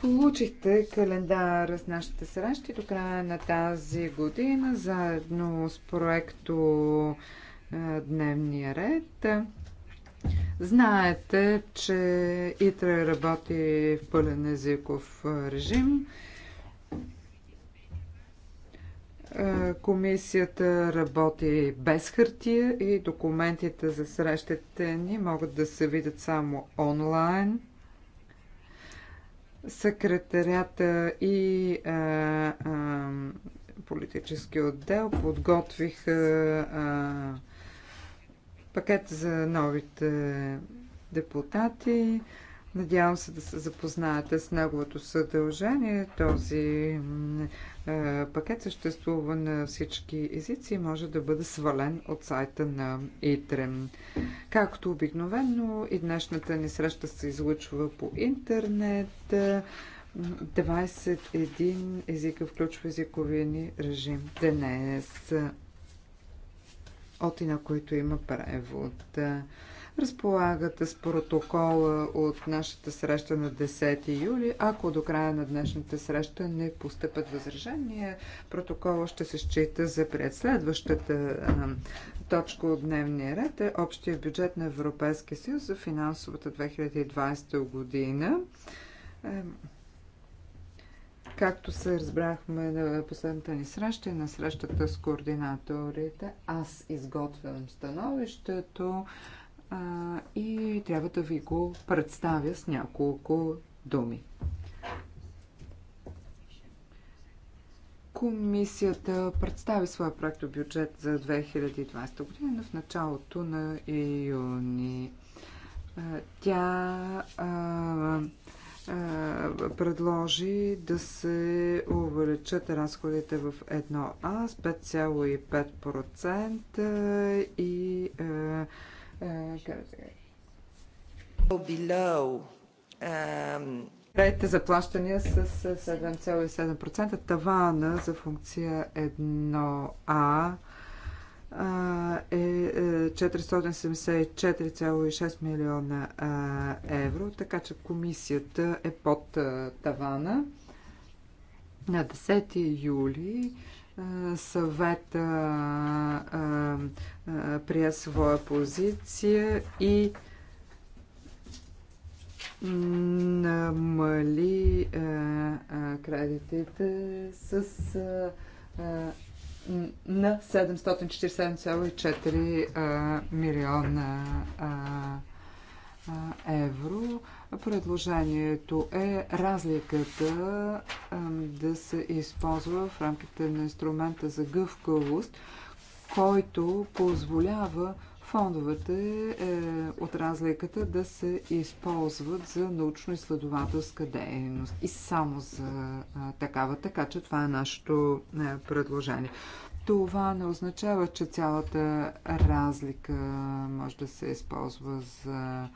Получихте календар с нашите срещи до края на тази година, заедно с проекто е, Дневния ред. Знаете, че ИТРА работи в пълен езиков режим. Е, комисията работи без хартия и документите за срещите ни могат да се видят само онлайн. Секретарята и а, е, а, е, политически отдел подготвиха а, пакет за новите депутати. Надявам се да се запознаете с неговото съдължение. Този е, пакет съществува на всички езици и може да бъде свален от сайта на ИТРЕМ. Както обикновено и днешната ни среща се излъчва по интернет. 21 езика включва езиковия ни режим днес, от и на които има превод. Разполагате с протокола от нашата среща на 10 юли. Ако до края на днешната среща не постъпят възражения, протокола ще се счита за пред. Следващата точка от дневния ред е общия бюджет на Европейския съюз за финансовата 2020 година. Е, както се разбрахме на последната ни среща и на срещата с координаторите, аз изготвям становището и трябва да ви го представя с няколко думи. Комисията представи своя проект бюджет за 2020 година в началото на июни. Тя а, предложи да се увеличат разходите в 1А с 5,5% и а, Below, um, заплащания Кредитите за плащания с 7,7%. Тавана за функция 1А е 474,6 е милиона евро, така че комисията е под тавана. На 10 юли съвета прия своя позиция и намали кредитите с на 747,4 милиона евро. Предложението е разликата да се използва в рамките на инструмента за гъвкавост, който позволява фондовете е, от разликата да се използват за научно-изследователска дейност и само за такава. Така че това е нашето е, предложение. Това не означава, че цялата разлика може да се използва за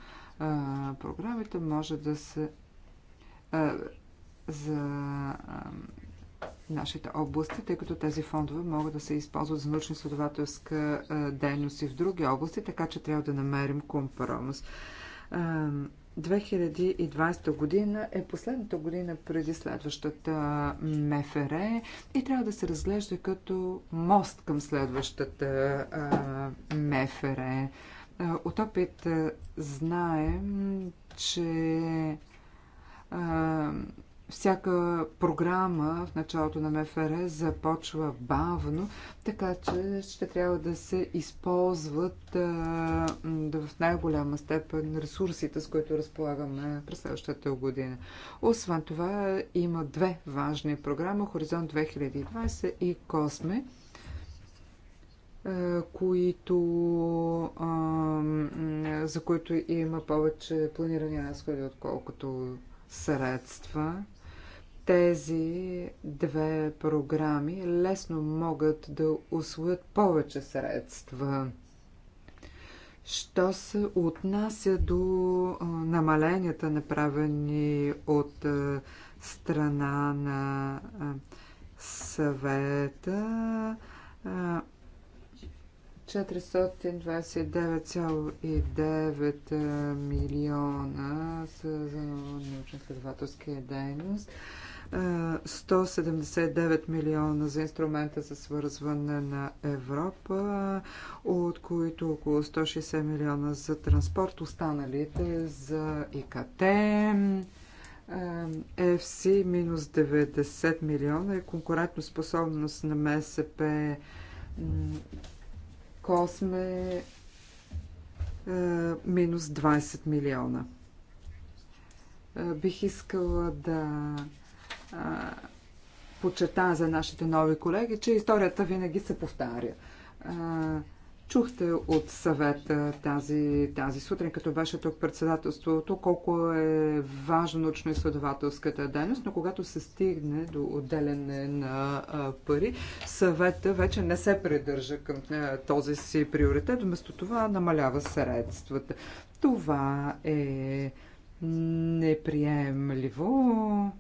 програмите може да се за нашите области, тъй като тези фондове могат да се използват за научно-изследователска дейност и в други области, така че трябва да намерим компромис. 2020 година е последната година преди следващата МФР и трябва да се разглежда като мост към следващата МФР. Е, от опит е, знаем, че е, всяка програма в началото на МФР започва бавно, така че ще трябва да се използват в най-голяма степен ресурсите, с които разполагаме през следващата година. Освен това има две важни програми Хоризонт 2020 и Косме. Е, които, за които има повече планирани разходи, отколкото средства. Тези две програми лесно могат да освоят повече средства. Що се отнася до намаленията, направени от страна на съвета, 429,9 милиона са за научно-следователска дейност. 179 милиона за инструмента за свързване на Европа, от които около 160 милиона за транспорт, останалите за ИКТ, FC минус 90 милиона и е конкурентоспособност на МСП Косме е, минус 20 милиона. Е, бих искала да е, за нашите нови колеги, че историята винаги се повтаря. Е, Чухте от съвета тази, тази сутрин, като беше тук председателството, колко е важно научно-изследователската дейност, но когато се стигне до отделяне на пари, съвета вече не се придържа към този си приоритет, вместо това намалява средствата. Това е неприемливо.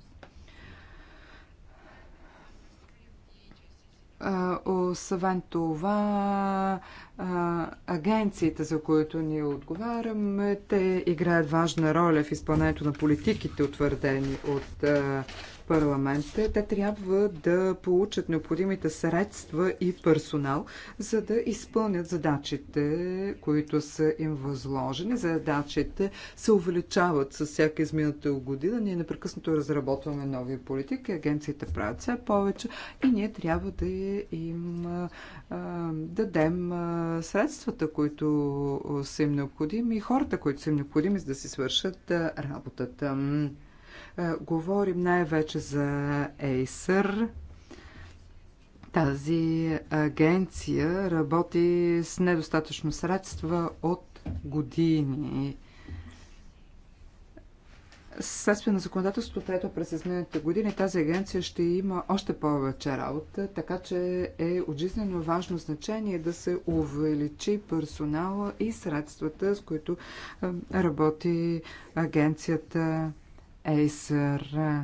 Освен това, агенциите, за които ние отговаряме, те играят важна роля в изпълнението на политиките, утвърдени от парламента, те трябва да получат необходимите средства и персонал, за да изпълнят задачите, които са им възложени. Задачите се увеличават с всяка измината година. Ние непрекъснато разработваме нови политики, агенциите правят все повече и ние трябва да им дадем средствата, които са им необходими и хората, които са им необходими, за да си свършат работата. Е, говорим най-вече за Acer. Тази агенция работи с недостатъчно средства от години. Следствие на законодателството, прието през изминалите години, тази агенция ще има още повече работа, така че е от жизненно важно значение да се увеличи персонала и средствата, с които е, работи агенцията. ЕСР.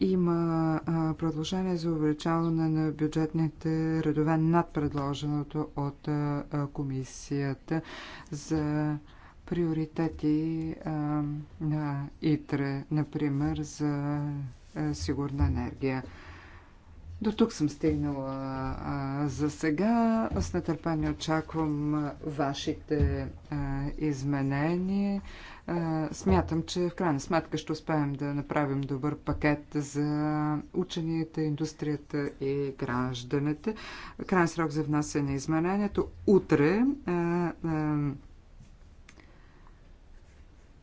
Има предложение за увеличаване на бюджетните редове над предложеното от комисията за приоритети на ИТРЕ, например за сигурна енергия. До тук съм стигнала а, за сега. С нетърпение очаквам вашите а, изменения. А, смятам, че в крайна сметка ще успеем да направим добър пакет за ученията, индустрията и гражданите. Крайен срок за внасяне на изменението утре. А, а,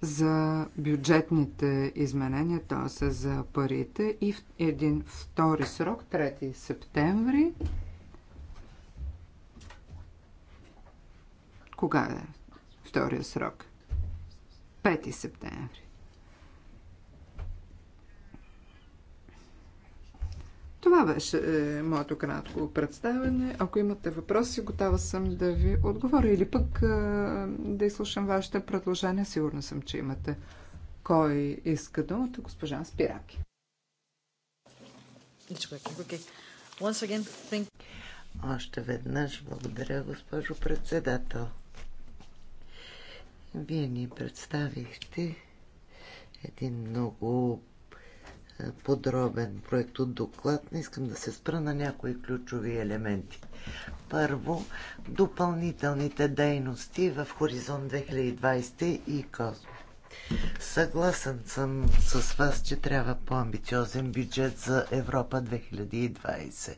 за бюджетните изменения, т.е. за парите и един втори срок, 3 септември. Кога е втория срок? 5 септември. Това беше е, моето кратко представяне. Ако имате въпроси, готова съм да ви отговоря или пък е, да изслушам вашите предложения. Сигурна съм, че имате. Кой иска думата? Госпожа Спираки. Още веднъж благодаря, госпожо председател. Вие ни представихте един много подробен проект от доклад, не искам да се спра на някои ключови елементи. Първо, допълнителните дейности в Хоризонт 2020 и Козмо. Съгласен съм с вас, че трябва по-амбициозен бюджет за Европа 2020.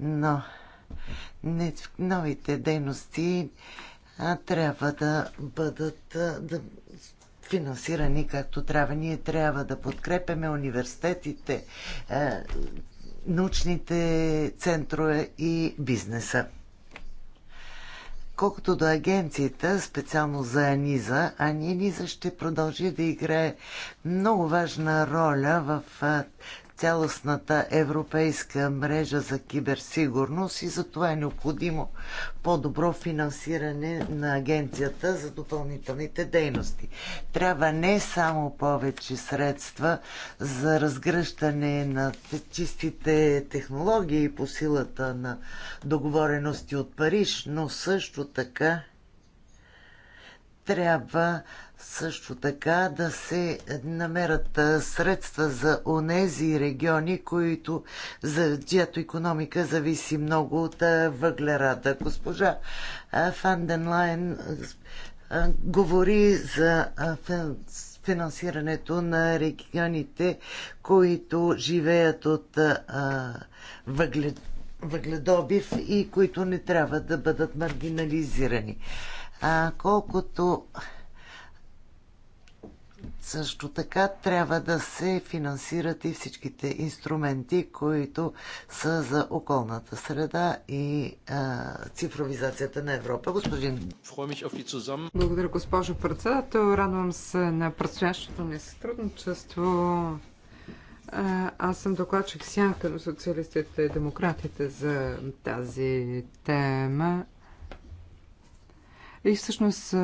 Но не, новите дейности а, трябва да бъдат да, финансирани както трябва. Ние трябва да подкрепяме университетите, е, научните центрове и бизнеса. Колкото до агенцията, специално за Аниза, Аниза ще продължи да играе много важна роля в е, цялостната европейска мрежа за киберсигурност и за това е необходимо по-добро финансиране на агенцията за допълнителните дейности. Трябва не само повече средства за разгръщане на чистите технологии по силата на договорености от Париж, но също така трябва също така да се намерят средства за онези региони, които, за чиято економика зависи много от въглерада. Госпожа Фанденлайн говори за финансирането на регионите, които живеят от въглед, въгледобив и които не трябва да бъдат маргинализирани. А колкото също така трябва да се финансират и всичките инструменти, които са за околната среда и а, цифровизацията на Европа. Господин. Благодаря, госпожо председател. Радвам се на предстоящото ни сътрудничество. Аз съм докладчик сянка на социалистите и демократите за тази тема. И всъщност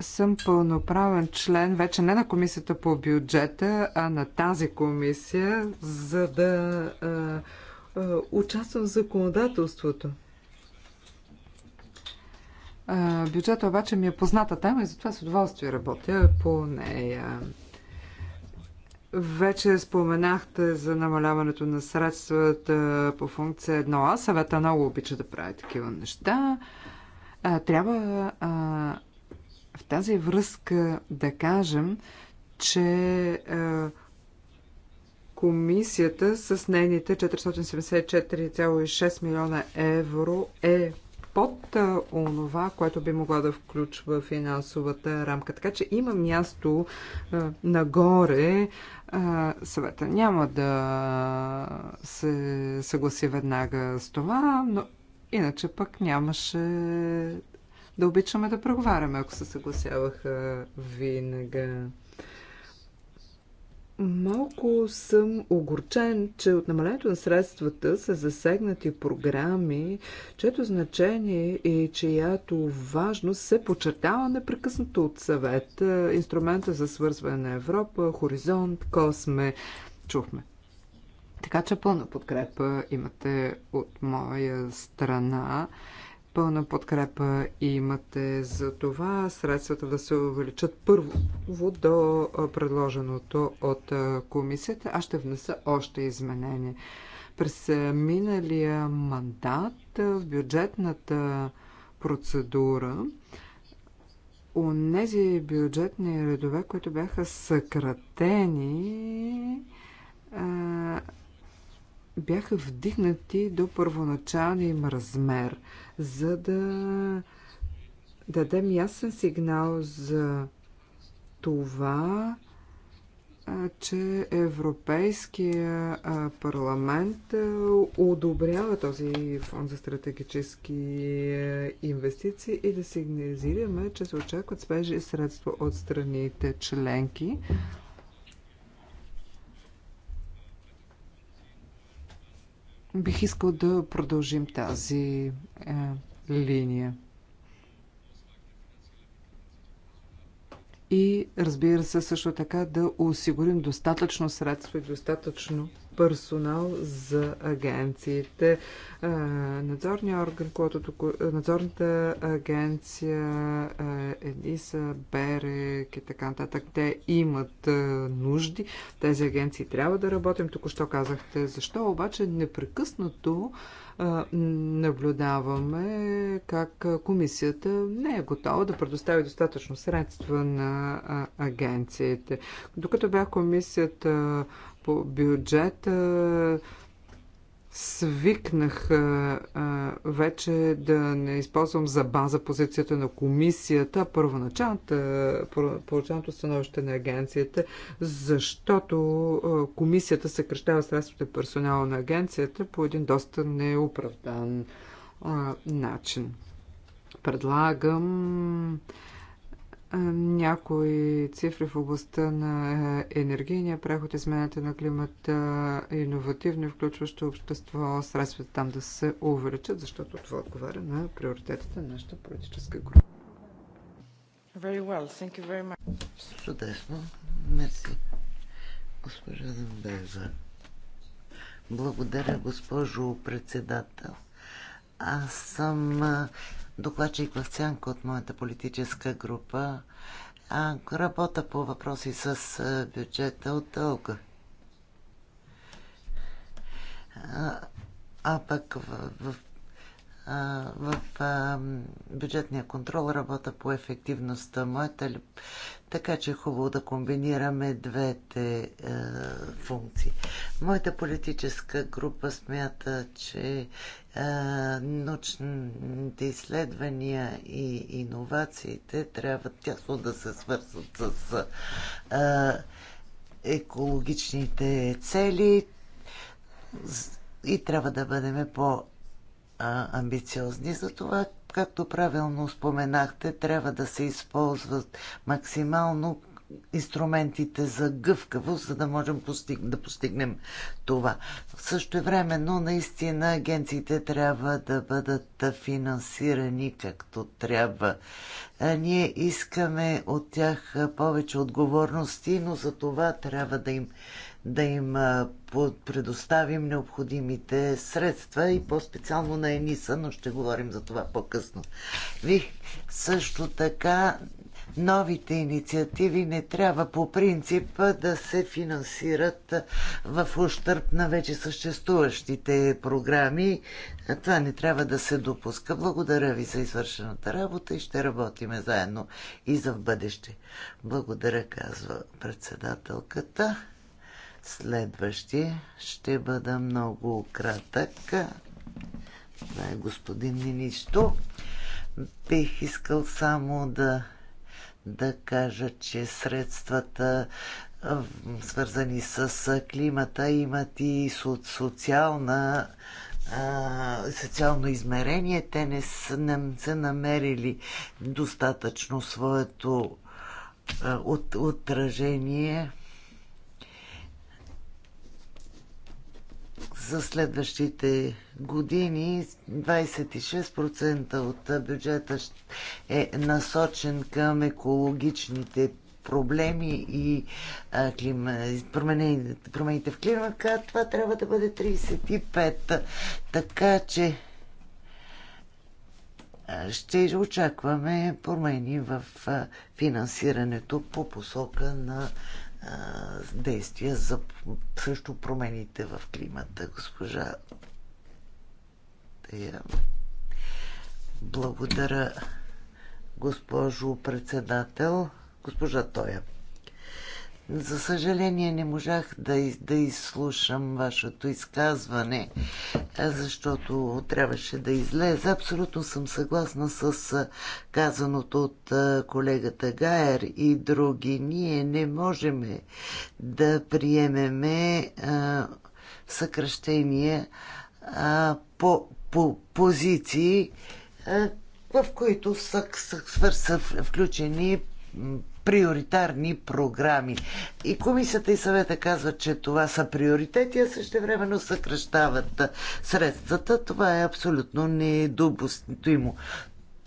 съм пълноправен член вече не на комисията по бюджета, а на тази комисия, за да а, а, участвам в законодателството. А, бюджета обаче ми е позната тема и затова с удоволствие работя по нея. Вече споменахте за намаляването на средствата по функция 1А. Съвета много обича да прави такива неща. трябва в тази връзка да кажем, че е, комисията с нейните 474,6 милиона евро е под е, онова, което би могла да включва финансовата рамка. Така че има място е, нагоре. е, съвета няма да се съгласи веднага с това, но иначе пък нямаше да обичаме да преговаряме, ако се съгласяваха винага. Малко съм огорчен, че от намалението на средствата са засегнати програми, чето значение и чиято важност се подчертава непрекъснато от съвет. Инструмента за свързване на Европа, Хоризонт, Косме. Чухме. Така че пълна подкрепа имате от моя страна пълна подкрепа имате за това средствата да се увеличат първо до предложеното от комисията. Аз ще внеса още изменения. През миналия мандат в бюджетната процедура нези бюджетни редове, които бяха съкратени, бяха вдигнати до първоначалния им размер, за да дадем ясен сигнал за това, че Европейския парламент одобрява този фонд за стратегически инвестиции и да сигнализираме, че се очакват свежи средства от страните членки. Бих искал да продължим тази е, линия. И разбира се също така да осигурим достатъчно средства и достатъчно персонал за агенциите. Надзорния орган, който надзорната агенция ЕДИСА, БЕРЕК и така нататък, те имат нужди. Тези агенции трябва да работим. Току-що казахте защо, обаче непрекъснато наблюдаваме как комисията не е готова да предостави достатъчно средства на агенциите. Докато бях комисията по бюджета свикнах а, вече да не използвам за база позицията на комисията, първоначалната, първоначалното становище на агенцията, защото а, комисията съкръщава средствата персонала на агенцията по един доста неоправдан а, начин. Предлагам е, някои цифри в областта на е, енергийния преход, изменята на климата, е, иновативни, включващо общество, средствата там да се увеличат, защото това отговаря на приоритетите на нашата политическа група. Very well. Thank you very much. Чудесно. Мерси. Госпожа Дембеза. Благодаря, госпожо председател. Аз съм докладчик в сянка от моята политическа група. А, работа по въпроси с бюджета от дълга. А, а пък в, в, а, в а, бюджетния контрол работа по ефективността. Моята Така че е хубаво да комбинираме двете а, функции. Моята политическа група смята, че научните изследвания и иновациите трябва тясно да се свързват с а, екологичните цели и трябва да бъдем по-амбициозни. Затова, както правилно споменахте, трябва да се използват максимално инструментите за гъвкавост, за да можем постиг, да постигнем това. Също време, но наистина агенциите трябва да бъдат финансирани както трябва. Ние искаме от тях повече отговорности, но за това трябва да им, да им предоставим необходимите средства и по-специално на ЕНИСА, но ще говорим за това по-късно. Вих, също така новите инициативи не трябва по принцип да се финансират в ущърп на вече съществуващите програми. Това не трябва да се допуска. Благодаря ви за извършената работа и ще работиме заедно и за в бъдеще. Благодаря, казва председателката. Следващия ще бъда много кратък. Това е господин Нинищо. Бих искал само да да кажа, че средствата свързани с климата имат и социална социално измерение. Те не са, не са намерили достатъчно своето от, отражение за следващите години 26% от бюджета е насочен към екологичните проблеми и а, клима, промените, промените в климата, това трябва да бъде 35. Така че ще очакваме промени в финансирането по посока на действия за също промените в климата, госпожа Тея. Благодаря, госпожо председател, госпожа Тоя. За съжаление не можах да, да изслушам вашето изказване, защото трябваше да излезе. Абсолютно съм съгласна с казаното от колегата Гайер и други. Ние не можем да приемеме а, съкръщения а, по, по позиции, а, в които са, са, са включени приоритарни програми. И комисията и съвета казват, че това са приоритети, а същевременно съкръщават средствата. Това е абсолютно недопустимо.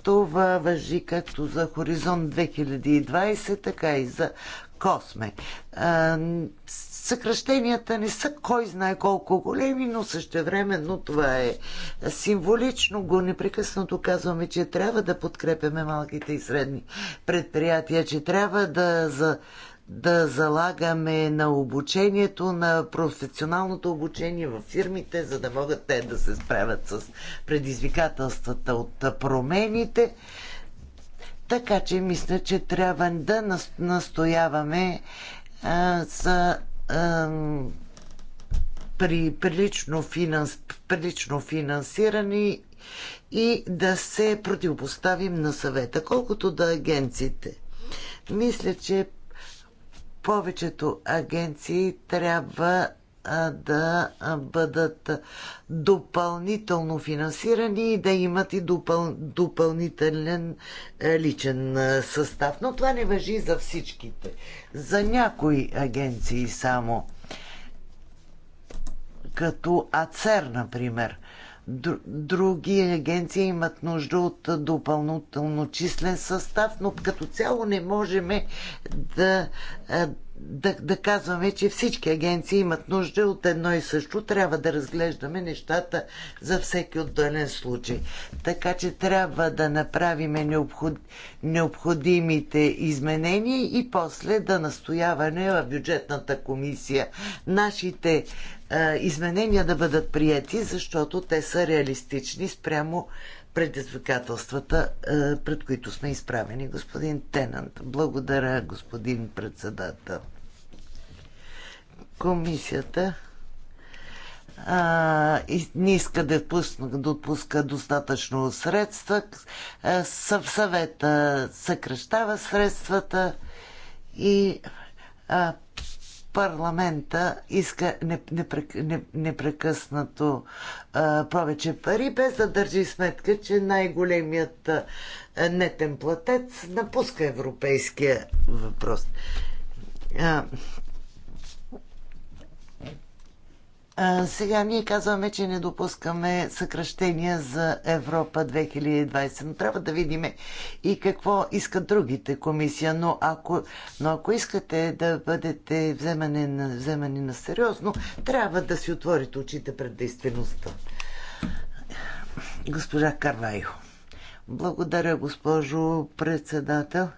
Това въжи както за Хоризонт 2020, така и за Косме съкръщенията не са кой знае колко големи, но същевременно това е символично. Го непрекъснато казваме, че трябва да подкрепяме малките и средни предприятия, че трябва да, за, да залагаме на обучението, на професионалното обучение във фирмите, за да могат те да се справят с предизвикателствата от промените. Така че мисля, че трябва да настояваме за при прилично, финанс, прилично финансирани и да се противопоставим на съвета, колкото да агенциите. Мисля, че повечето агенции трябва да бъдат допълнително финансирани и да имат и допъл... допълнителен е, личен е, състав. Но това не въжи за всичките. За някои агенции само. Като АЦЕР, например. Други агенции имат нужда от допълнително числен състав, но като цяло не можем да е, да, да казваме, че всички агенции имат нужда от едно и също. Трябва да разглеждаме нещата за всеки отделен случай. Така че трябва да направим необход, необходимите изменения и после да настояваме в бюджетната комисия нашите е, изменения да бъдат прияти, защото те са реалистични спрямо предизвикателствата, е, пред които сме изправени. Господин Тенант, благодаря, господин председател. Комисията а, и не иска да, допуска, да отпуска достатъчно средства. Е, съвета съкръщава средствата и а, парламента иска непрекъснато повече пари, без да държи сметка, че най-големият нетен платец напуска европейския въпрос. А, сега ние казваме, че не допускаме съкръщения за Европа 2020, но трябва да видим и какво искат другите комисия. Но ако, но ако искате да бъдете вземани на, вземани на сериозно, трябва да си отворите очите пред действеността. Госпожа Карвайо. Благодаря, госпожо председател.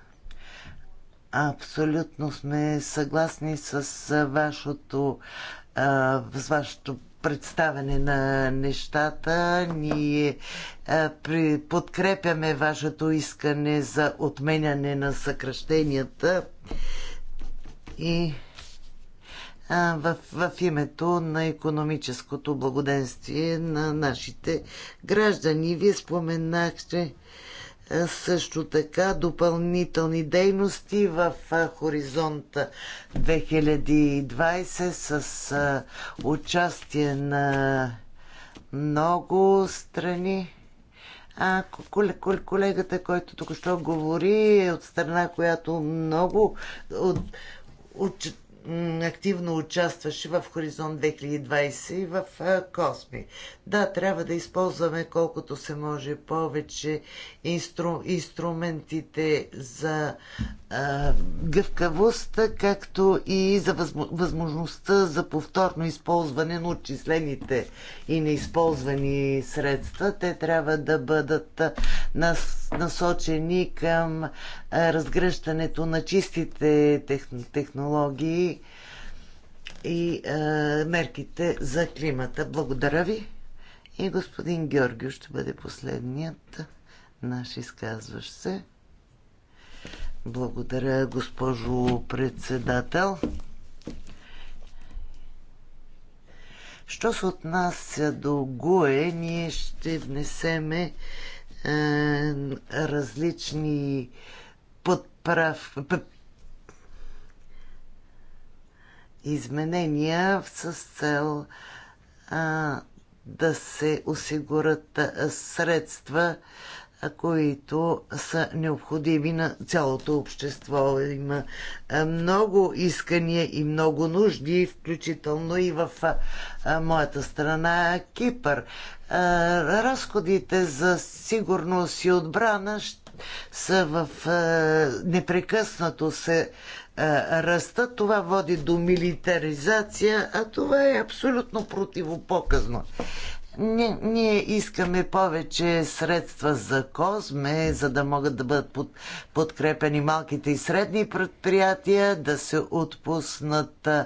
Абсолютно сме съгласни с вашето с вашето представяне на нещата. Ние при, подкрепяме вашето искане за отменяне на съкръщенията и а, в, в името на економическото благоденствие на нашите граждани. Вие споменахте, че е, също така допълнителни дейности в е, Хоризонта 2020 с е, участие на много страни. А колегата, който тук що говори, е от страна, която много от, от, активно участваше в Хоризонт 2020 и в Косми. Да, трябва да използваме колкото се може повече инстру, инструментите за а, гъвкавост, както и за възм, възможността за повторно използване на отчислените и неизползвани средства. Те трябва да бъдат нас, насочени към разгръщането на чистите тех, технологии и а, мерките за климата. Благодаря ви. И господин Георгио ще бъде последният наш изказващ се. Благодаря, госпожо председател. Що се отнася до ГУЕ, ние ще внесеме е, различни е, подправ... изменения с цел а, да се осигурят средства, които са необходими на цялото общество. Има много искания и много нужди, включително и в моята страна Кипър. Разходите за сигурност и отбрана ще са в е, непрекъснато се е, растат, това води до милитаризация, а това е абсолютно противопоказно. Ние, ние искаме повече средства за Козме, за да могат да бъдат под, подкрепени малките и средни предприятия, да се отпуснат а,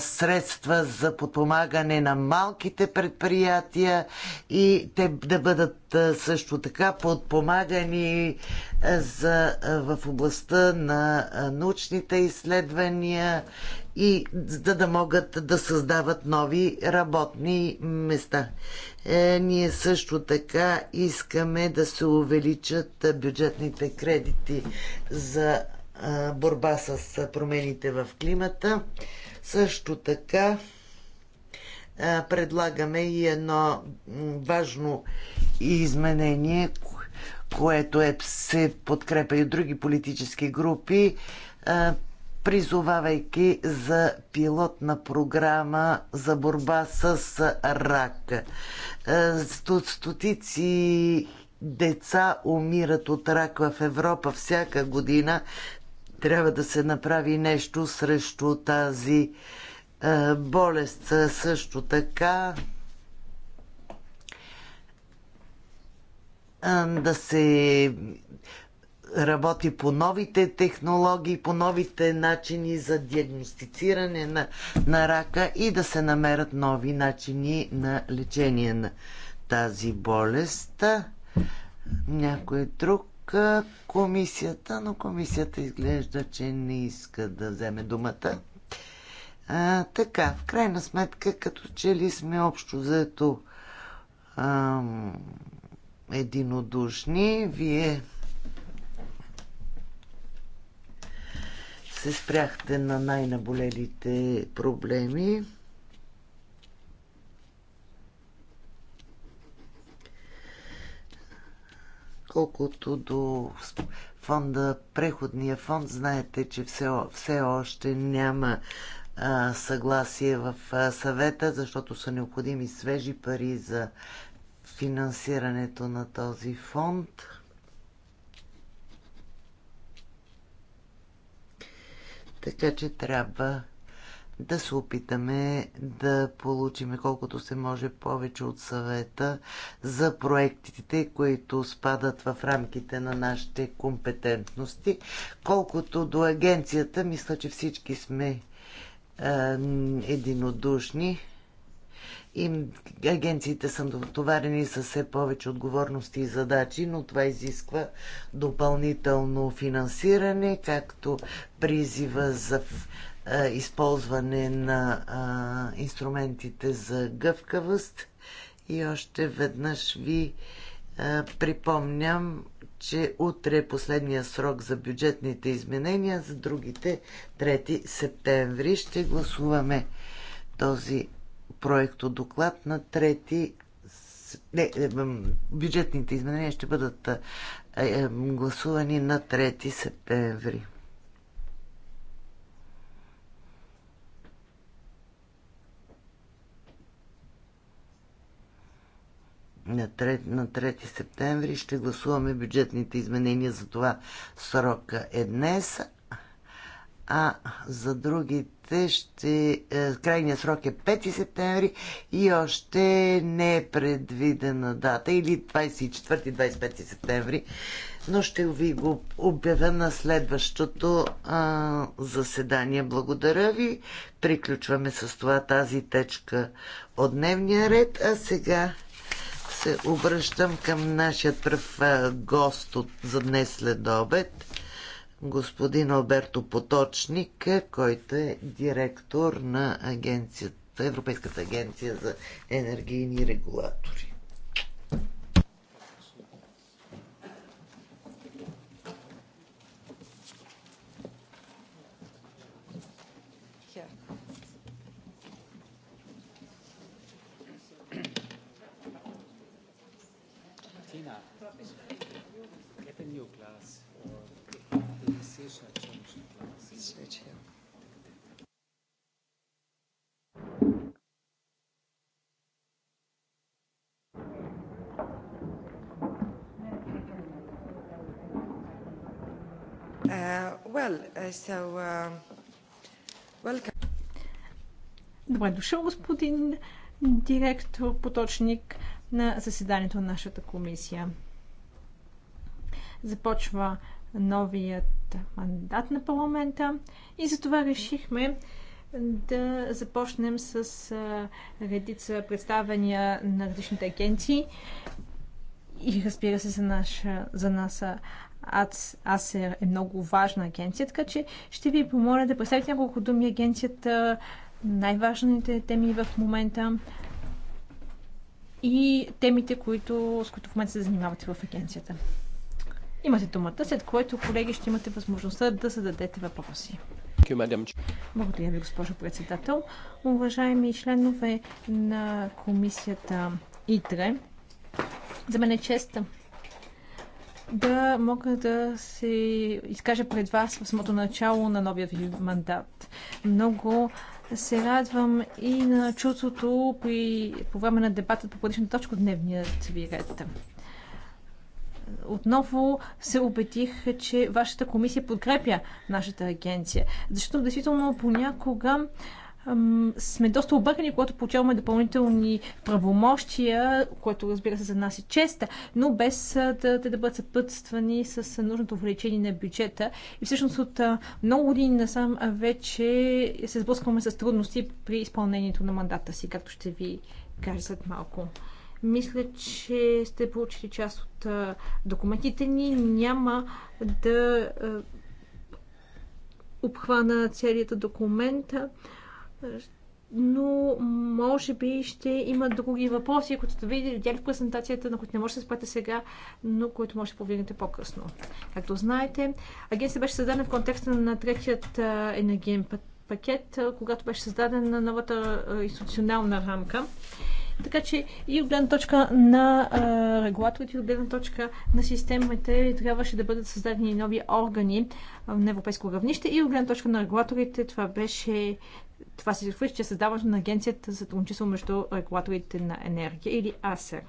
средства за подпомагане на малките предприятия и те да бъдат а, също така подпомагани а, за, а, в областта на а, научните изследвания и за да могат да създават нови работни места. Е, ние също така искаме да се увеличат бюджетните кредити за е, борба с промените в климата. Също така е, предлагаме и едно важно изменение, което е, се подкрепа и от други политически групи. Е, призовавайки за пилотна програма за борба с рак. Е, стотици деца умират от рак в Европа всяка година. Трябва да се направи нещо срещу тази е, болест. Също така е, да се работи по новите технологии, по новите начини за диагностициране на, на рака и да се намерят нови начини на лечение на тази болест. Някой е друг комисията, но комисията изглежда, че не иска да вземе думата. А, така, в крайна сметка, като че ли сме общо заето ам, единодушни, вие се спряхте на най-наболелите проблеми. Колкото до фонда, преходния фонд, знаете, че все, все още няма а, съгласие в а, съвета, защото са необходими свежи пари за финансирането на този фонд. Така че трябва да се опитаме да получиме колкото се може повече от съвета за проектите, които спадат в рамките на нашите компетентности. Колкото до агенцията, мисля, че всички сме е, единодушни и агенциите са дотоварени с все повече отговорности и задачи, но това изисква допълнително финансиране, както призива за използване на инструментите за гъвкавост. И още веднъж ви припомням, че утре е последния срок за бюджетните изменения, за другите 3 септември ще гласуваме този проекто доклад на трети не, е, бюджетните изменения ще бъдат е, е, гласувани на 3 септември. На 3, на 3 септември ще гласуваме бюджетните изменения, за това срока е днес, а за другите ще, е, крайният срок е 5 септември и още не е предвидена дата или 24-25 септември, но ще ви го обявя на следващото а, заседание. Благодаря ви. Приключваме с това тази течка от дневния ред, а сега се обръщам към нашия пръв гост от, за днес след обед господин Алберто Поточник, който е директор на агенцията, Европейската агенция за енергийни регулатори. Uh, well, uh, so, uh, Добре дошъл, господин директор, поточник на заседанието на нашата комисия. Започва новият мандат на парламента и затова решихме да започнем с редица представения на различните агенции и разбира се за, наша, за нас АЦ, АСЕР е много важна агенция, така че ще ви помоля да представите няколко думи агенцията, най-важните теми в момента и темите, които, с които в момента се занимавате в агенцията. Имате думата, след което, колеги, ще имате възможността да зададете въпроси. Благодаря ви, госпожо председател. Уважаеми членове на комисията ИТРЕ, за мен е честа да мога да се изкажа пред вас в самото начало на новия ви мандат. Много се радвам и на чувството при, по време на дебата по предишната точка от дневния ви ред. Отново се убедих, че вашата комисия подкрепя нашата агенция. Защото действително понякога сме доста объркани, когато получаваме допълнителни правомощия, което разбира се за нас е честа, но без да, да, да бъдат съпътствани с нужното увеличение на бюджета. И всъщност от много години насам вече се сблъскваме с трудности при изпълнението на мандата си, както ще ви кажа след малко. Мисля, че сте получили част от документите ни. Няма да обхвана целият документ но може би ще има други въпроси, които сте видели, видяли в презентацията, на които не може да се спрете сега, но които може да повдигнете по-късно. Както знаете, агенцията беше създадена в контекста на третият енергиен пакет, когато беше създадена новата институционална рамка. Така че и от гледна точка на а, регулаторите, и от гледна точка на системите трябваше да бъдат създадени нови органи а, на европейско равнище. И от гледна точка на регулаторите това беше това се свърши че създаването на Агенцията за сътрудничество между регулаторите на енергия или АСЕР.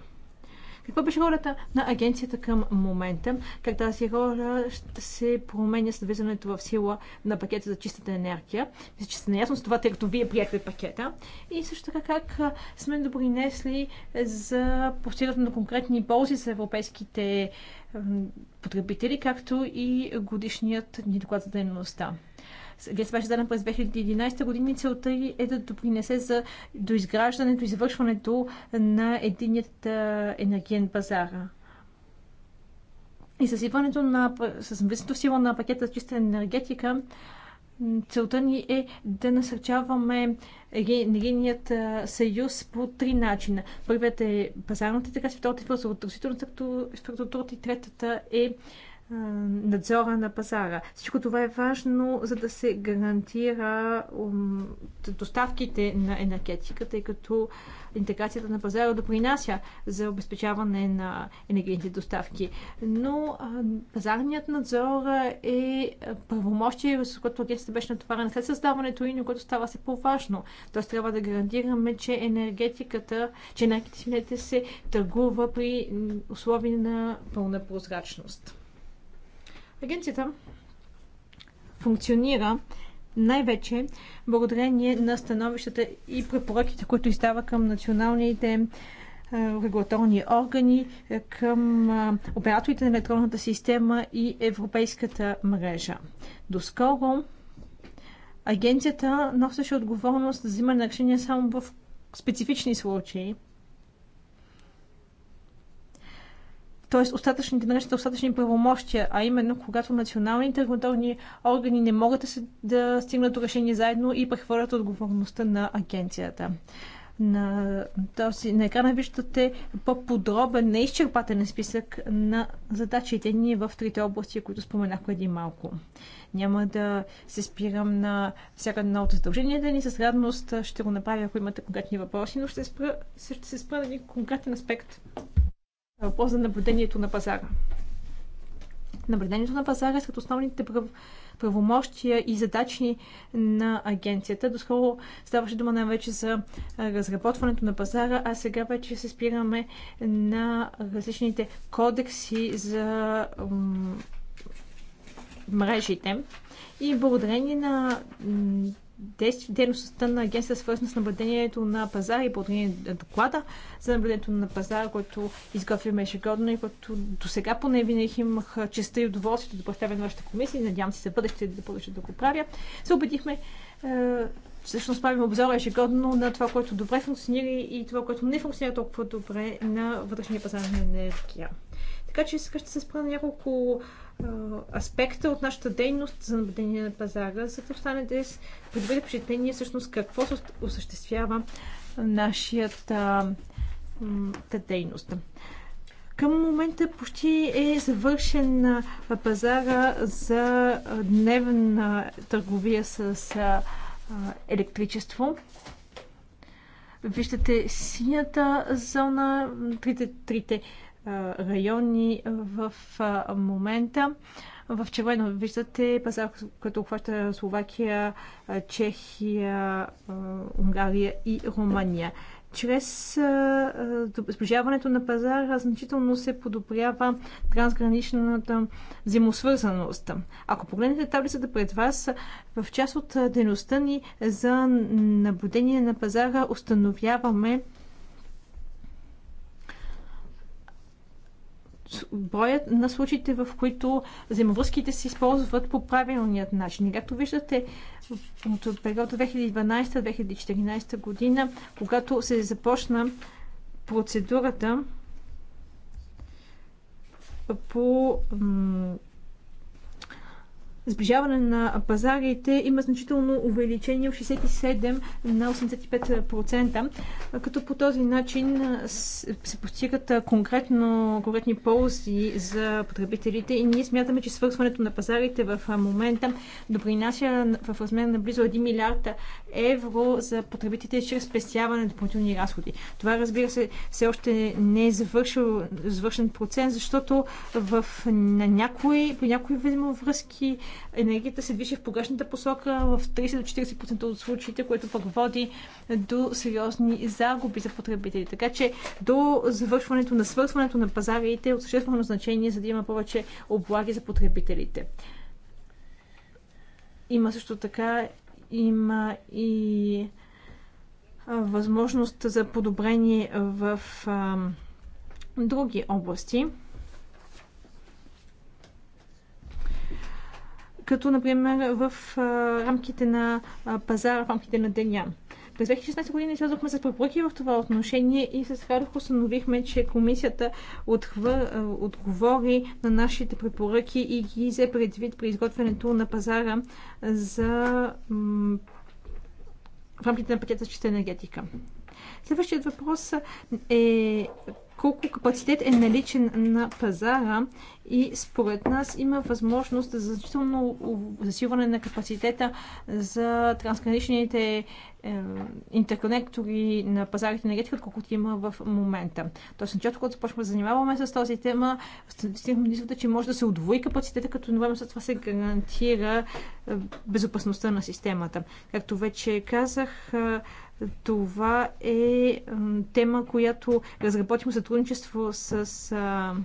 Каква беше ролята на агенцията към момента? Как тази роля ще се променя с влизането в сила на пакета за чистата енергия? Мисля, че сте наясно с това, тъй като вие приехте пакета. И също така как сме допринесли за постигането на конкретни ползи за европейските потребители, както и годишният ни доклад за дейността. Агенцията беше дадена през 2011 година и целта й е да допринесе за доизграждането и завършването на единият енергиен пазар. И с идването на, с влизането сила на пакета за чиста енергетика, целта ни е да насърчаваме енергийният съюз по три начина. Първият е пазарната, така си втората е свързана от структурата и третата е надзора на пазара. Всичко това е важно, за да се гарантира доставките на енергетиката, тъй като интеграцията на пазара допринася за обезпечаване на енергийните доставки. Но пазарният надзор е правомощие, с което агенцията беше натоварена след създаването и на което става все по-важно. Тоест трябва да гарантираме, че енергетиката, че енергетиката се търгува при условия на пълна прозрачност. Агенцията функционира най-вече благодарение на становищата и препоръките, които издава към националните е, регулаторни органи, е, към е, операторите на електронната система и европейската мрежа. Доскоро агенцията носеше отговорност за да взимане на решения само в специфични случаи, т.е. остатъчните, наречените остатъчни правомощия, а именно когато националните регулаторни органи не могат да, се, да стигнат до решение заедно и прехвърлят отговорността на агенцията на, този, на екрана виждате по-подробен, неизчерпателен списък на задачите ни в трите области, които споменах преди малко. Няма да се спирам на всяка една от задълженията ни. С радост ще го направя, ако имате конкретни въпроси, но ще, спра, ще се спра на един конкретен аспект въпрос за наблюдението на пазара. Наблюдението на пазара е сред основните прав... правомощия и задачи на агенцията. Доскоро ставаше дума най-вече за разработването на пазара, а сега вече се спираме на различните кодекси за мрежите. И благодарение на дейността на агенция, свързана с наблюдението на пазара и по на доклада за наблюдението на пазара, който изготвяме ежегодно и който до сега поне винаги имах честа и удоволствието да представя на вашата комисия и надявам се за бъдеще да продължа да го правя. Се убедихме, е, всъщност правим обзора ежегодно на това, което добре функционира и това, което не функционира толкова добре на вътрешния пазар на енергия. Така че сега ще се спра на няколко аспекта от нашата дейност за наблюдение на пазара, за да останете с придобите впечатление всъщност какво се осъществява нашата дейност. Към момента почти е завършен пазара за дневна търговия с електричество. Виждате синята зона, трите, трите райони в момента. В червено виждате пазар, който обхваща Словакия, Чехия, Унгария и Румъния. Чрез сближаването на пазара значително се подобрява трансграничната взаимосвързаност. Ако погледнете таблицата пред вас, в част от дейността ни за наблюдение на пазара установяваме броят на случаите, в които взаимовръзките се използват по правилният начин. както виждате, от период 2012-2014 година, когато се започна процедурата по сближаване на пазарите има значително увеличение от 67 на 85%, като по този начин се постигат конкретно, конкретни ползи за потребителите и ние смятаме, че свързването на пазарите в момента допринася в размер на близо 1 милиард евро за потребителите чрез спестяване на допълнителни разходи. Това разбира се все още не е завършил, завършен процент, защото в, на някои, по някои видимо връзки енергията се движи в погрешната посока в 30 40% от случаите, което пък води до сериозни загуби за потребители. Така че до завършването на свързването на пазарите е от съществено значение, за да има повече облаги за потребителите. Има също така има и възможност за подобрение в а, други области. като например в рамките на пазара, в рамките на деня. През 2016 година излязохме с препоръки в това отношение и с радост установихме, че комисията отхва, отговори на нашите препоръки и ги взе предвид при изготвянето на пазара за в рамките на пакета с чиста енергетика. Следващият въпрос е колко капацитет е наличен на пазара и според нас има възможност за значително засилване на капацитета за трансграничните интерконектори на пазарите на енергетика, колкото има в момента. Тоест, началото, когато започваме да занимаваме с този тема, стигнахме мисълта, че може да се удвои капацитета, като едновременно с това се гарантира безопасността на системата. Както вече казах, това е тема, която разработихме сътрудничество с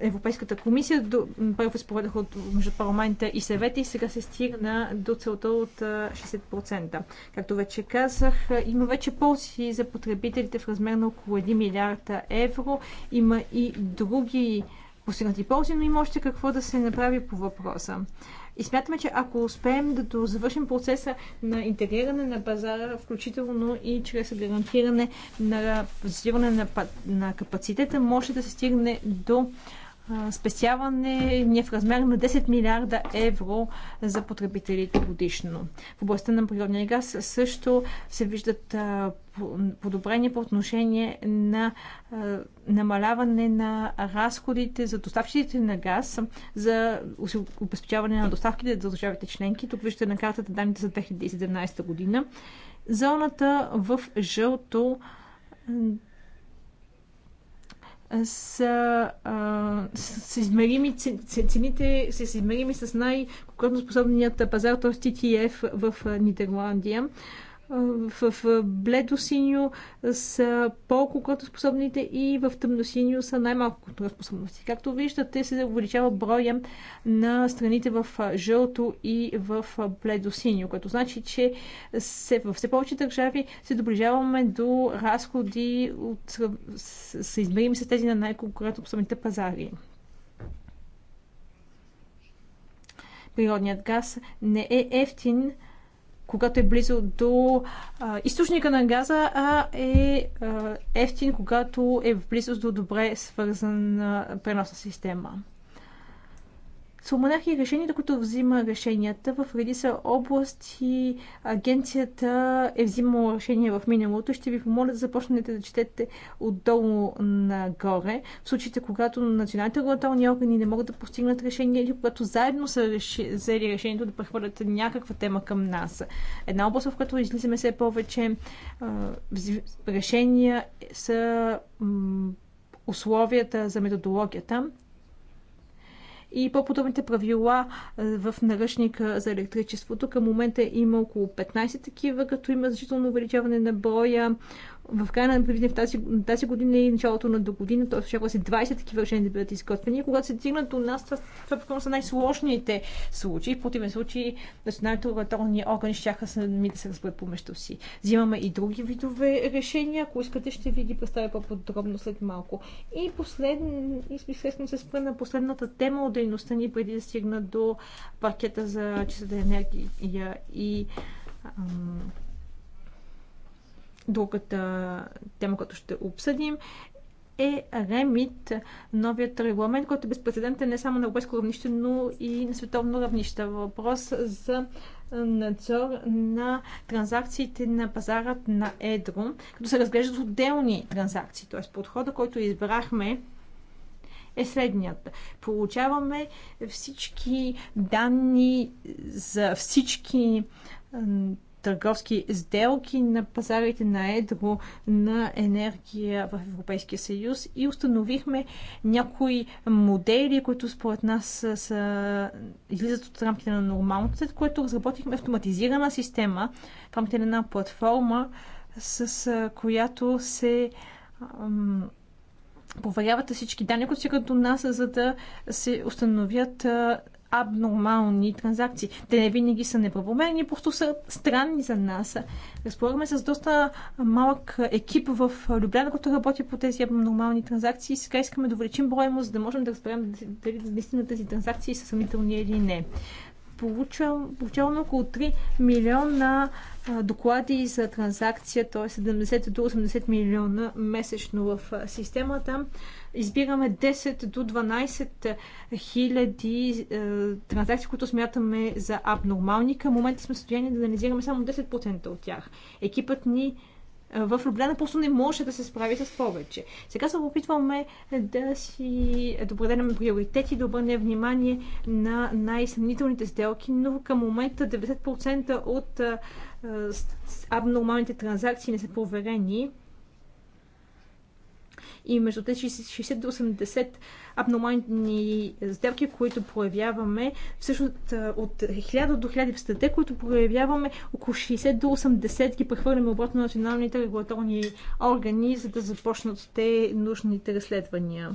Европейската комисия. До, първо изповедах от между парламента и съвета и сега се стигна до целта от 60%. Както вече казах, има вече ползи за потребителите в размер на около 1 милиарда евро. Има и други постигнати ползи, но има още какво да се направи по въпроса. И смятаме, че ако успеем да завършим процеса на интегриране на пазара, включително и чрез гарантиране на позитиване на, на капацитета, може да се стигне до спестяване ние в размер на 10 милиарда евро за потребителите годишно. В областта на природния газ също се виждат подобрения по отношение на намаляване на разходите за доставчиците на газ за обезпечаване на доставките за държавите членки. Тук виждате на картата данните за 2017 година. Зоната в жълто са, а, са измерими, цените са измерими с най-конкурентоспособният пазар, т.е. TTF в Нидерландия в, в бледосиньо са по-конкурентоспособните и в тъмносиньо са най-малко конкурентоспособности. Както виждате, се увеличава броя на страните в жълто и в бледосиньо, което значи, че се, в все повече държави се доближаваме до разходи, от, съизмерими с тези на най-конкурентоспособните пазари. Природният газ не е ефтин, когато е близо до а, източника на газа, а е а, ефтин, когато е в близост до добре свързана преносна система споменах и решенията, които взима решенията. В редица области агенцията е взимала решение в миналото. Ще ви помоля да започнете да четете отдолу нагоре. В случаите, когато националните регулаторни органи не могат да постигнат решение или когато заедно са реши, взели решението да прехвърлят някаква тема към нас. Една област, в която излизаме все повече решения са условията за методологията и по-подробните правила в наръчника за електричеството. Към момента има около 15 такива, като има значително увеличаване на броя в края на предвиден в тази, тази година и началото на до година, т.е. очаква се 20 такива решения да бъдат изготвени. Когато се стигнат до нас, това, това, това са най-сложните случаи. В противен случай националните регулаторни органи ще сами да се разберат помежду си. Взимаме и други видове решения. Ако искате, ще ви ги представя по-подробно след малко. И последно, и се спра на последната тема от дейността ни, преди да стигна до пакета за чистата енергия и ам, Другата тема, която ще обсъдим е ремит, новият регламент, който е безпредседентен не само на европейско равнище, но и на световно равнище. Въпрос за надзор на транзакциите на пазарът на Едро, като се разглеждат отделни транзакции. Т.е. подхода, който избрахме е следният. Получаваме всички данни за всички търговски сделки на пазарите на едро на енергия в Европейския съюз и установихме някои модели, които според нас са, излизат от рамките на нормалното, след което разработихме автоматизирана система в рамките на една платформа, с която се проверяват всички данни, които стигат до нас, за да се установят абнормални транзакции. Те не винаги са неправомерни, просто са странни за нас. Разполагаме с доста малък екип в Любляна, който работи по тези абнормални транзакции. Сега искаме да увеличим броя му, за да можем да разберем дали наистина тези транзакции са съмнителни или не получавам, получавам около 3 милиона доклади за транзакция, т.е. 70 до 80 милиона месечно в системата. Избираме 10 до 12 хиляди транзакции, които смятаме за абнормални. Към момента сме в състояние да анализираме само 10% от тях. Екипът ни в Любляна просто не може да се справи с повече. Сега се опитваме да си да определяме приоритети, да обърнем внимание на най-съмнителните сделки, но към момента 90% от абнормалните транзакции не са проверени и между тези 60 до 80 абнормални сделки, които проявяваме, всъщност от 1000 до 1500, които проявяваме, около 60 до 80 ги прехвърляме обратно на националните регулаторни органи, за да започнат те нужните разследвания.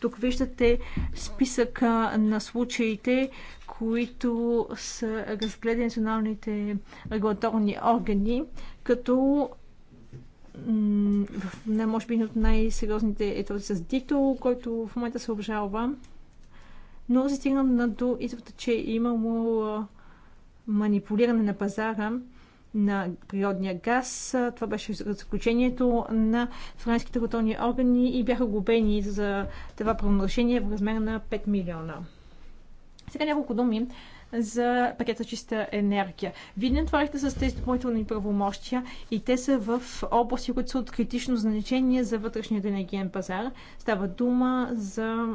Тук виждате списъка на случаите, които са разгледани националните регулаторни органи, като не, може би от най-сериозните е този с Дито, който в момента се обжалва. Но на до извода, че е имало манипулиране на пазара на природния газ. Това беше заключението на френските готовни органи и бяха губени за това правонарушение в размер на 5 милиона. Сега няколко думи за пакета чиста енергия. Вие не с тези допълнителни правомощия и те са в области, които са от критично значение за вътрешният енергиен пазар. Става дума за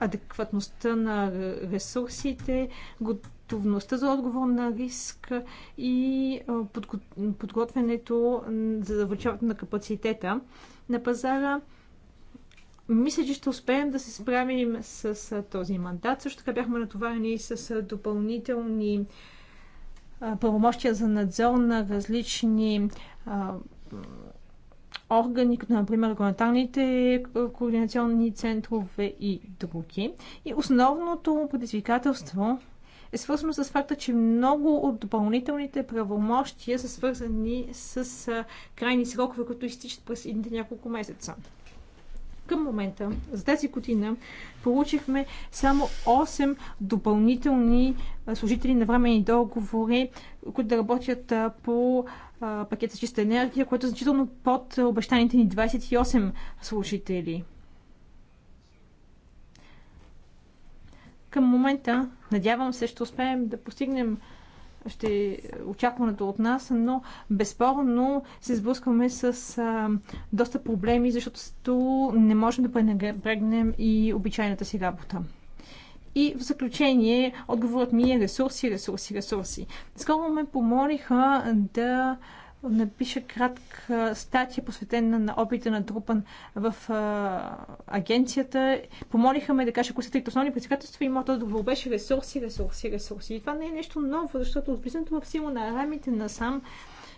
адекватността на ресурсите, готовността за отговор на риск и подготвянето за завършаването на капацитета на пазара. Мисля, че ще успеем да се справим с, с този мандат. Също така бяхме натоварени с допълнителни правомощия за надзор на различни а, органи, като например регулаторните координационни центрове и други. И основното предизвикателство е свързано с факта, че много от допълнителните правомощия са свързани с крайни срокове, които изтичат през едните няколко месеца. Към момента, за тази година, получихме само 8 допълнителни служители на времени договори, които да работят по пакет за чиста енергия, което е значително под обещаните ни 28 служители. Към момента, надявам се, ще успеем да постигнем ще е очакването от нас, но безспорно се сблъскваме с а, доста проблеми, защото не можем да пренебрегнем и обичайната си работа. И в заключение, отговорът ми е ресурси, ресурси, ресурси. Скоро ме помолиха да напиша кратка статия, посветена на опита на трупан в а, агенцията. Помолиха ме да кажа кои са трите основни предизвикателства и моят отговор беше ресурси, ресурси, ресурси. И това не е нещо ново, защото от влизането в сила на рамите на сам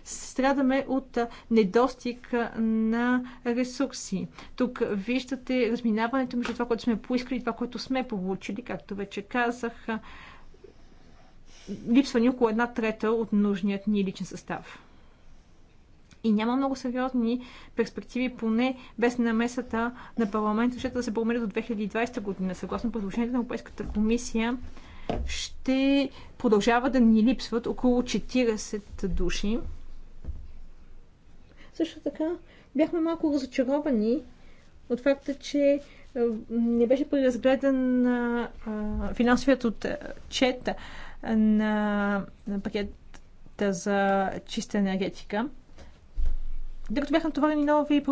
страдаме от недостиг на ресурси. Тук виждате разминаването между това, което сме поискали и това, което сме получили, както вече казах. Липсва ни около една трета от нужният ни личен състав и няма много сериозни перспективи, поне без намесата на парламента, защото да се промени до 2020 година. Съгласно предложението на Европейската комисия, ще продължава да ни липсват около 40 души. Също така, бяхме малко разочаровани от факта, че е, не беше преразгледан финансовият отчет е, на пакета за чиста енергетика докато бяха натоварени нови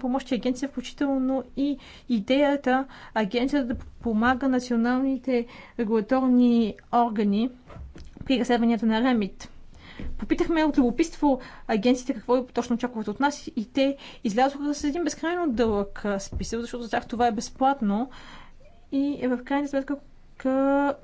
помощи агенция, включително и идеята агенцията да помага националните регулаторни органи при разследванията на РЕМИТ. Попитахме от любопитство агенциите какво е точно очакват от нас и те излязоха с един безкрайно дълъг списък, защото за тях това е безплатно. И в крайна сметка, сметка,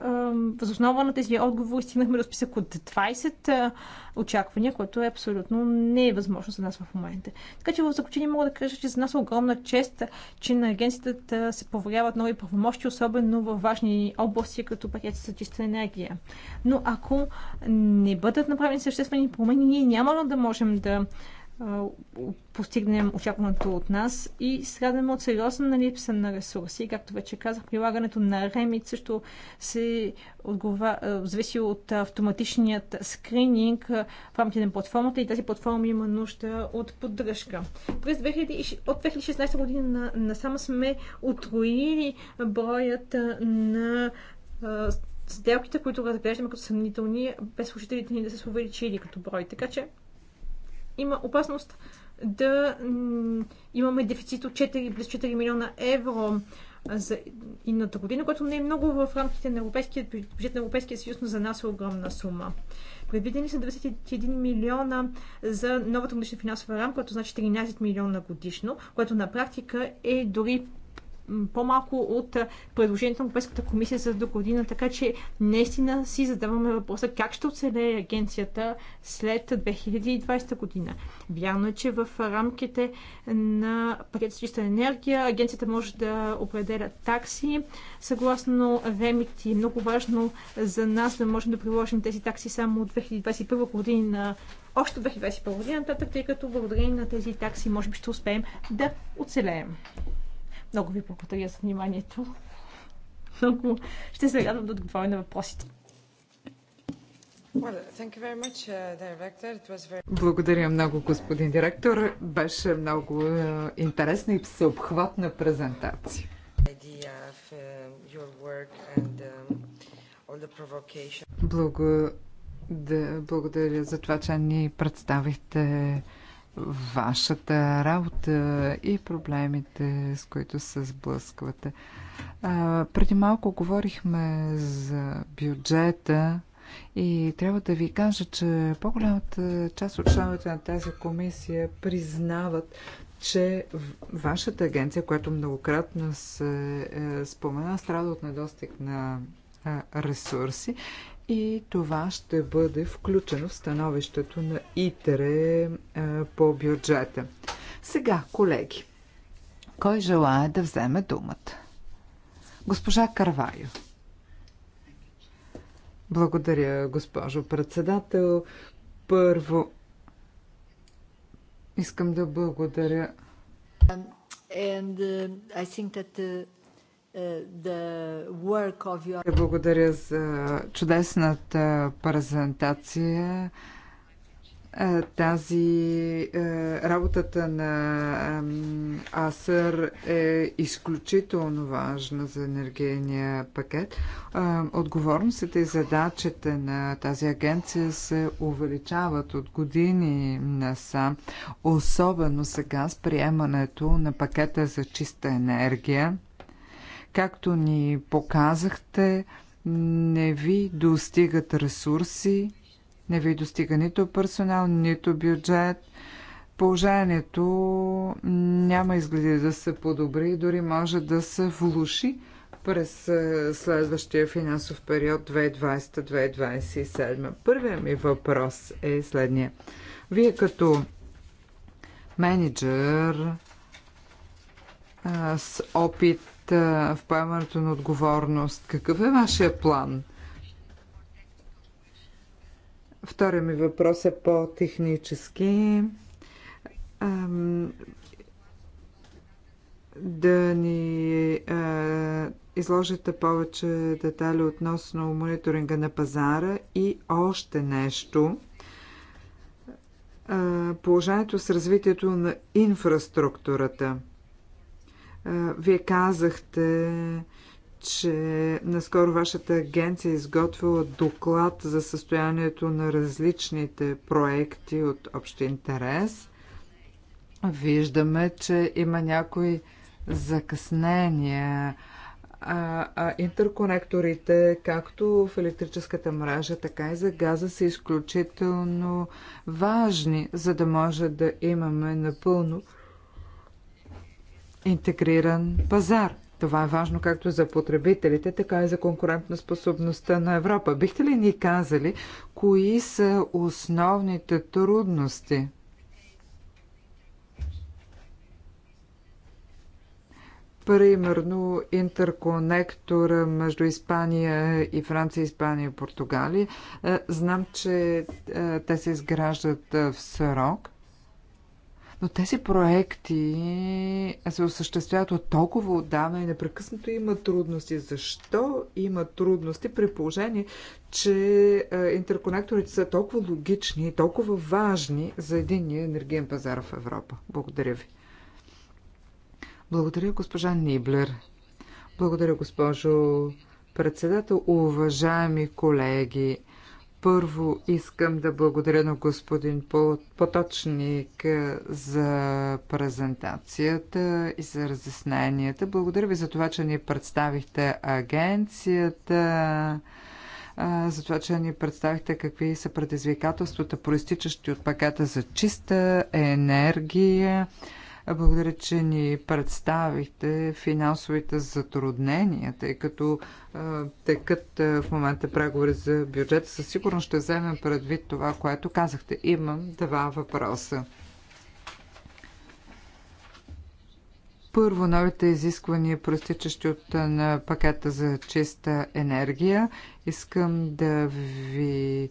възоснова на тези отговори стигнахме до списък от 20 очаквания, което е абсолютно невъзможно за нас в момента. Така че в заключение мога да кажа, че за нас е огромна чест, че на агенцията се поверяват нови правомощи, особено в важни области, като пакет за чиста енергия. Но ако не бъдат направени съществени промени, ние няма да можем да постигнем очакваното от нас и страдаме от сериозна липса на ресурси. Както вече казах, прилагането на ремит също се отгова... зависи от автоматичният скрининг в рамките на платформата и тази платформа има нужда от поддръжка. През 2000... от 2016 година насам сме отроили броят на сделките, които разглеждаме като съмнителни, без служителите ни да са се увеличили като брой. Така че има опасност да имаме дефицит от 4, близ 4 милиона евро за едната година, което не е много в рамките на европейския бюджет на Европейския съюз, но за нас е огромна сума. Предвидени са 21 милиона за новата годишна финансова рамка, което значи 13 милиона годишно, което на практика е дори по-малко от предложението на Европейската комисия за до година, така че наистина си задаваме въпроса как ще оцелее агенцията след 2020 година. Вярно е, че в рамките на пакет чиста енергия агенцията може да определя такси. Съгласно ремит е много важно за нас да можем да приложим тези такси само от 2021 година още 2021 година, нататък, тъй като благодарение на тези такси може би ще успеем да оцелеем. Много ви благодаря за вниманието. Много ще се радвам да отговоря на въпросите. Uh, благодаря много, господин директор. Беше много е, интересна и всеобхватна презентация. Uh, um, благодаря за това, че ни представихте вашата работа и проблемите, с които се сблъсквате. А, преди малко говорихме за бюджета и трябва да ви кажа, че по-голямата част от членовете на тази комисия признават, че вашата агенция, която многократно се е, спомена, страда от недостиг на е, ресурси и това ще бъде включено в становището на ИТРЕ е, по бюджета. Сега, колеги, кой желая да вземе думата? Госпожа Карвайо. Благодаря, госпожо председател. Първо, искам да благодаря. And, uh, I think that uh... Е, благодаря за чудесната презентация. Е, тази е, работата на АСЕР е изключително важна за енергийния пакет. Отговорностите и задачите на тази агенция се увеличават от години насам, особено сега с приемането на пакета за чиста енергия Както ни показахте, не ви достигат ресурси, не ви достига нито персонал, нито бюджет. Положението няма изгледи да се подобри, дори може да се влуши през е, следващия финансов период 2020-2027. Първият ми въпрос е следния. Вие като менеджер с опит в поемането на отговорност. Какъв е вашия план? Втория ми въпрос е по-технически. Да ни изложите повече детали относно мониторинга на пазара и още нещо. Положението с развитието на инфраструктурата – вие казахте, че наскоро вашата агенция е изготвила доклад за състоянието на различните проекти от общ интерес. Виждаме, че има някои закъснения. А, а интерконекторите, както в електрическата мрежа, така и за газа, са изключително важни, за да може да имаме напълно интегриран пазар. Това е важно както за потребителите, така и за конкурентоспособността на Европа. Бихте ли ни казали, кои са основните трудности? Примерно интерконектора между Испания и Франция, Испания и Португалия. Е, знам, че е, те се изграждат е, в срок. Но тези проекти се осъществяват от толкова отдавна и непрекъснато има трудности. Защо има трудности при положение, че е, интерконекторите са толкова логични и толкова важни за единния енергиен пазар в Европа? Благодаря ви. Благодаря, госпожа Ниблер. Благодаря, госпожо председател. Уважаеми колеги, първо искам да благодаря на господин Поточник е, за презентацията и за разясненията. Благодаря ви за това, че ни представихте агенцията е, за това, че ни представихте какви са предизвикателствата, проистичащи от пакета за чиста енергия. Благодаря, че ни представихте финансовите затруднения, тъй като текат в момента преговори за бюджета. Със сигурност ще вземем предвид това, което казахте. Имам два въпроса. първо новите изисквания, проистичащи от на пакета за чиста енергия. Искам да ви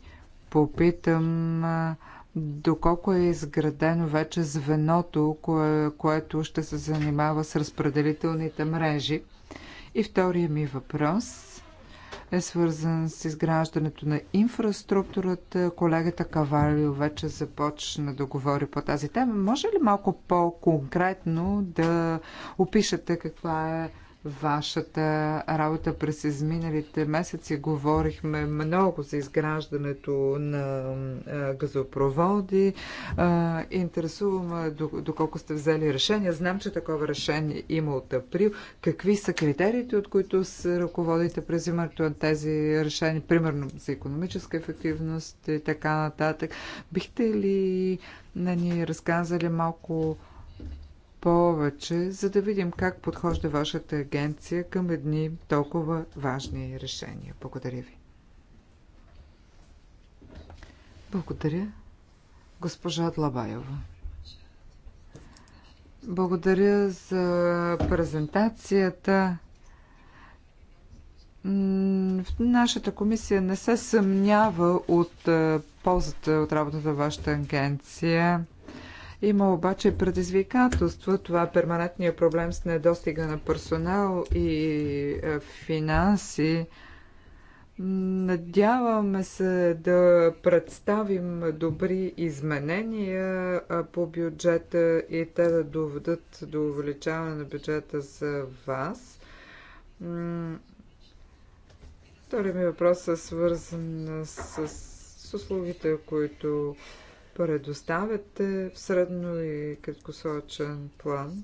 попитам доколко е изградено вече звеното, кое, което ще се занимава с разпределителните мрежи. И втория ми въпрос е свързан с изграждането на инфраструктурата. Колегата Кавалио вече започна да говори по тази тема. Може ли малко по-конкретно да опишете каква е вашата работа през изминалите месеци. Говорихме много за изграждането на газопроводи. Интересуваме доколко сте взели решение. Знам, че такова решение има от април. Какви са критериите, от които се ръководите през взимането на тези решения, примерно за економическа ефективност и така нататък? Бихте ли на ни разказали малко повече, за да видим как подхожда вашата агенция към едни толкова важни решения. Благодаря ви. Благодаря. Госпожа Длабаева. Благодаря за презентацията. Нашата комисия не се съмнява от ползата от работата в вашата агенция. Има обаче предизвикателство. Това е перманентния проблем с недостига на персонал и е, финанси. Надяваме се да представим добри изменения по бюджета и те да доведат до увеличаване на бюджета за вас. Втори ми въпрос е свързан с, с услугите, които Предоставяте в средно и краткосрочен план?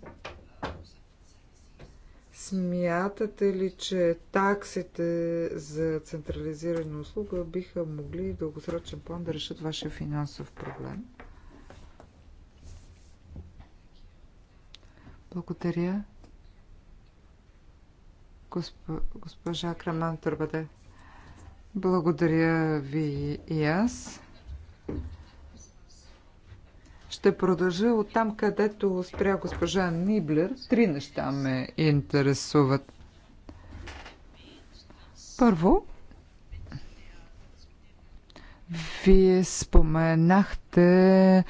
Смятате ли, че таксите за централизирана услуга биха могли в дългосрочен план да решат вашия финансов проблем? Благодаря. Госпо... Госпожа Краман Турбаде. Благодаря ви и аз. Ще продължа от там, където спря госпожа Ниблер. Три неща ме интересуват. Първо, вие споменахте,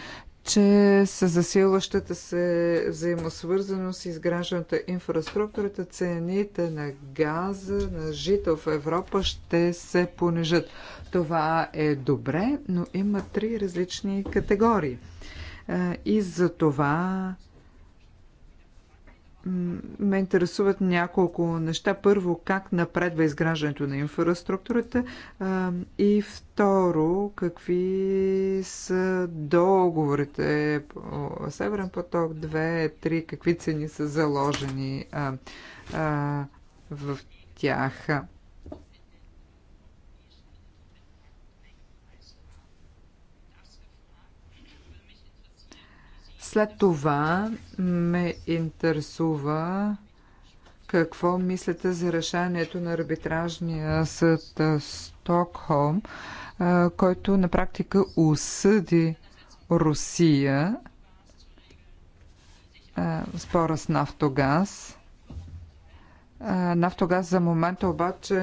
че с засилващата се взаимосвързаност, изграждането инфраструктурата, цените на газа, на жител в Европа ще се понижат. Това е добре, но има три различни категории – и за това ме интересуват няколко неща. Първо, как напредва изграждането на инфраструктурата и второ, какви са договорите по Северен поток 2, 3, какви цени са заложени в тях. След това ме интересува какво мислите за решението на арбитражния съд Стокхолм, който на практика осъди Русия спора с Нафтогаз. Нафтогаз за момента обаче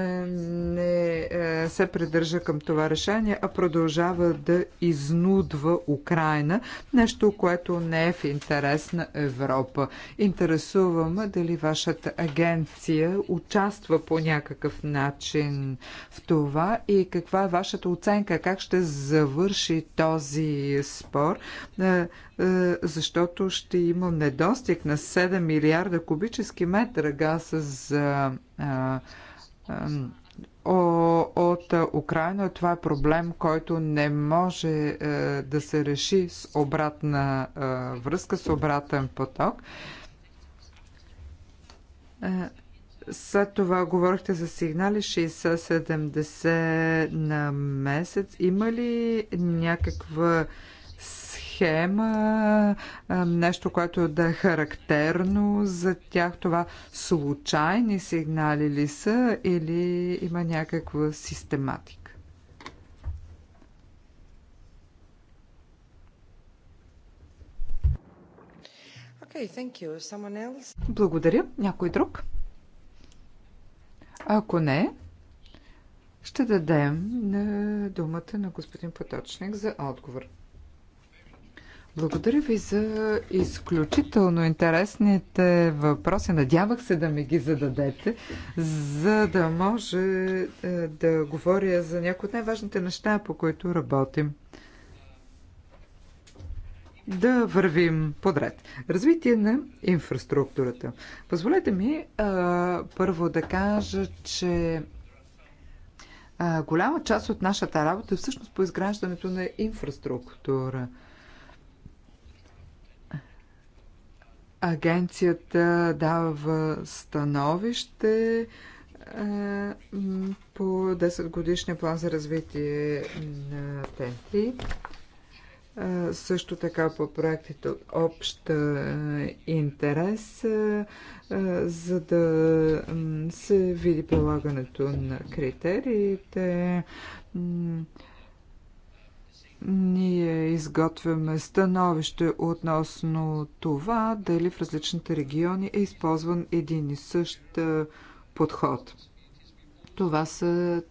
не е, се придържа към това решение, а продължава да изнудва Украина, нещо, което не е в интерес на Европа. Интересуваме дали вашата агенция участва по някакъв начин в това и каква е вашата оценка, как ще завърши този спор, е, е, защото ще има недостиг на 7 милиарда кубически метра газ с а, а, от Украина. Това е проблем, който не може а, да се реши с обратна а, връзка, с обратен поток. след това говорихте за сигнали 60-70 на месец. Има ли някаква схема, нещо, което да е характерно за тях. Това случайни сигнали ли са или има някаква систематика? else? Благодаря. Някой друг? Ако не, ще дадем думата на господин Поточник за отговор. Благодаря ви за изключително интересните въпроси. Надявах се да ми ги зададете, за да може е, да говоря за някои от най-важните неща, по които работим. Да вървим подред. Развитие на инфраструктурата. Позволете ми а, е, първо да кажа, че а, е, голяма част от нашата работа е всъщност по изграждането на инфраструктура – Агенцията дава становище е, по 10 годишния план за развитие на ТЕНТИ. Е, също така по проектите от общ е, интерес, за да се види прилагането на критериите ние изготвяме становище относно това дали в различните региони е използван един и същ подход. Това са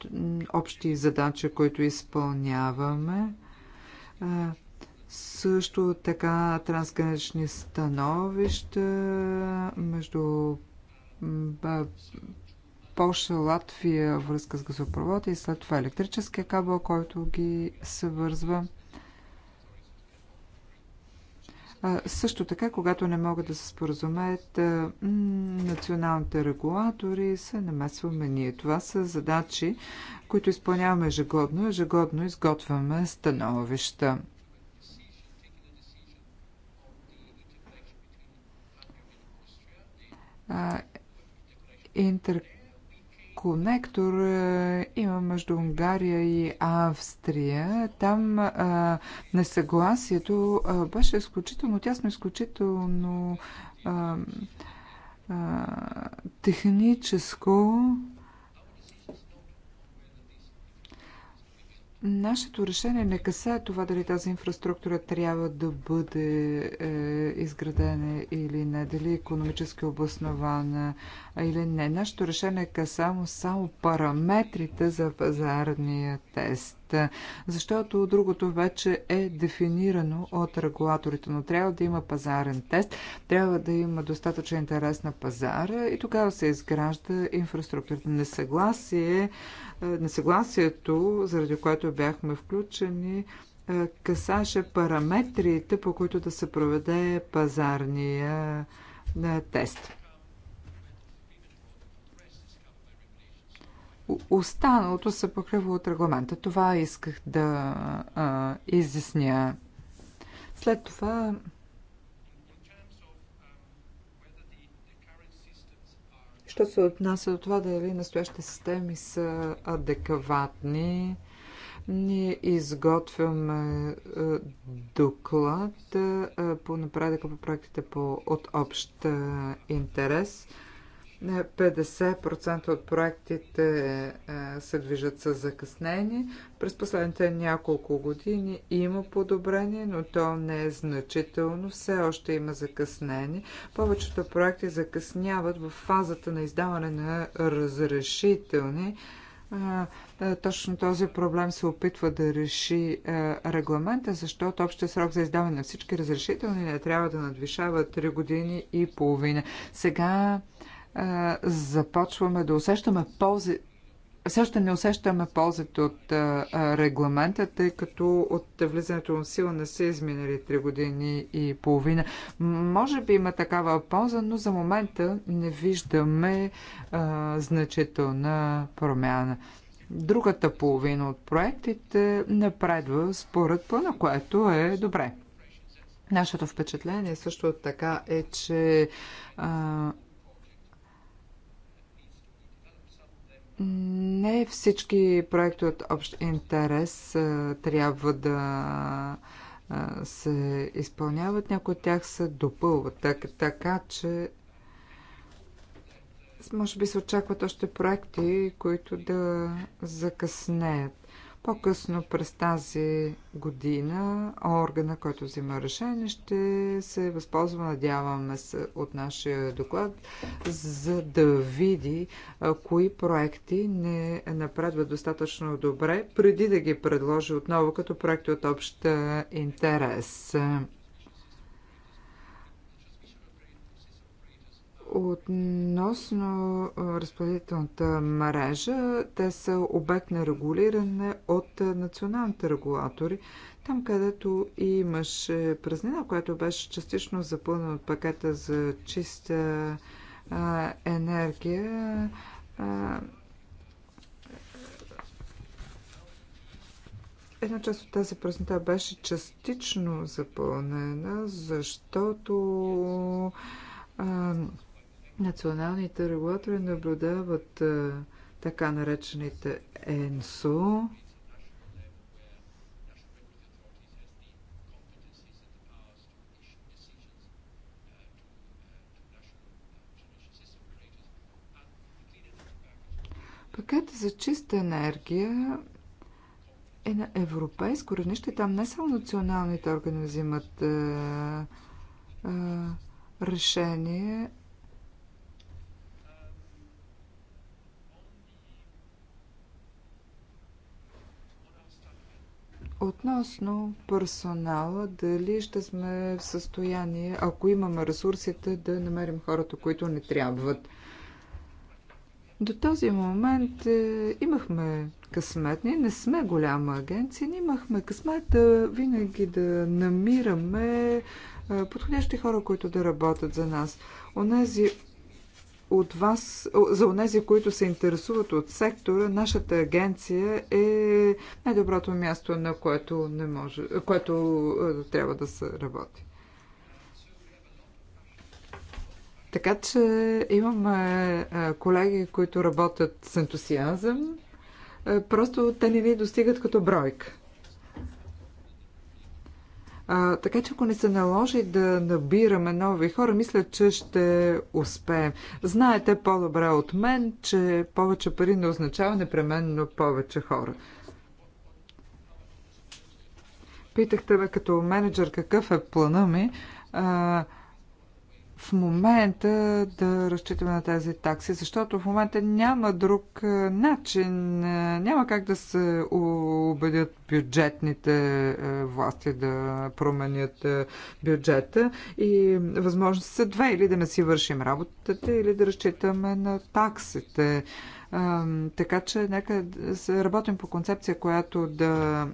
общи задачи, които изпълняваме. Също така трансгранични становища между Польша, Латвия, връзка с газопровода и след това електрическия кабел, който ги съвързва. Също така, когато не могат да се споразумеят националните регулатори, се намесваме ние. Това са задачи, които изпълняваме ежегодно. Ежегодно изготвяме становища. Интер конектор е, има между Унгария и Австрия. Там а, е, несъгласието а, е, беше изключително тясно, изключително а, а, техническо. Нашето решение не касае това дали тази инфраструктура трябва да бъде е, изградена или не, дали економически обоснована или не. Нашето решение е само, само параметрите за пазарния тест, защото другото вече е дефинирано от регулаторите, но трябва да има пазарен тест, трябва да има достатъчен интерес на пазара и тогава се изгражда инфраструктурата. Несъгласие, е, несъгласието, заради което бяхме включени, е, касаше параметрите, по които да се проведе пазарния е, тест. Останалото се покрива от регламента. Това исках да а, изясня. След това. Що се отнася до това дали настоящите системи са адекватни, ние изготвяме доклад по напредъка по проектите по, от общ интерес. 50% е, от проектите е, се движат с закъснение. През последните няколко години има подобрение, но то не е значително. Все още има закъснение. Повечето проекти закъсняват в фазата на издаване на разрешителни. Е, точно този проблем се опитва да реши регламента, защото общия срок за издаване на всички разрешителни не трябва да надвишава 3 години и половина. Сега започваме да усещаме ползи. Все още не усещаме ползите от а, регламента, тъй като от влизането на сила не са изминали 3 години и половина. Може би има такава полза, но за момента не виждаме а, значителна промяна. Другата половина от проектите напредва според плана, което е добре. Нашето впечатление също така е, че а, Не всички проекти от общ интерес трябва да се изпълняват, някои от тях се допълват. Така, така че може би се очакват още проекти, които да закъснеят. По-късно през тази година органа, който взима решение, ще се възползва, надяваме се, от нашия доклад, за да види а, кои проекти не напредват достатъчно добре, преди да ги предложи отново като проекти от общ интерес. Относно разпределителната мрежа, те са обект на регулиране от националните регулатори. Там, където имаше празнина, която беше частично запълнена от пакета за чиста а, енергия, а, една част от тази празнота беше частично запълнена, защото а, Националните регулатори наблюдават е, така наречените ЕНСО, Пакет за чиста енергия е на европейско равнище. Там не само националните органи взимат а, е, а, е, решение, Относно персонала, дали ще сме в състояние, ако имаме ресурсите, да намерим хората, които не трябват. До този момент е, имахме късмет. Ние не сме голяма агенция, ние имахме късмет да е, винаги да намираме е, подходящи хора, които да работят за нас. Онези от вас, за онези, които се интересуват от сектора, нашата агенция е най-доброто място, на което, не може, което е, трябва да се работи. Така че имаме е, колеги, които работят с ентусиазъм, е, просто те не ви достигат като бройка. А, така че ако не се наложи да набираме нови хора, мисля, че ще успеем. Знаете по-добре от мен, че повече пари не означава непременно повече хора. Питахте ме като менеджер какъв е плана ми. А, в момента да разчитаме на тези такси, защото в момента няма друг е, начин, е, няма как да се убедят бюджетните е, власти да променят бюджета и възможности са две, или да не си вършим работата, или да разчитаме на таксите. Така че нека работим по концепция, която да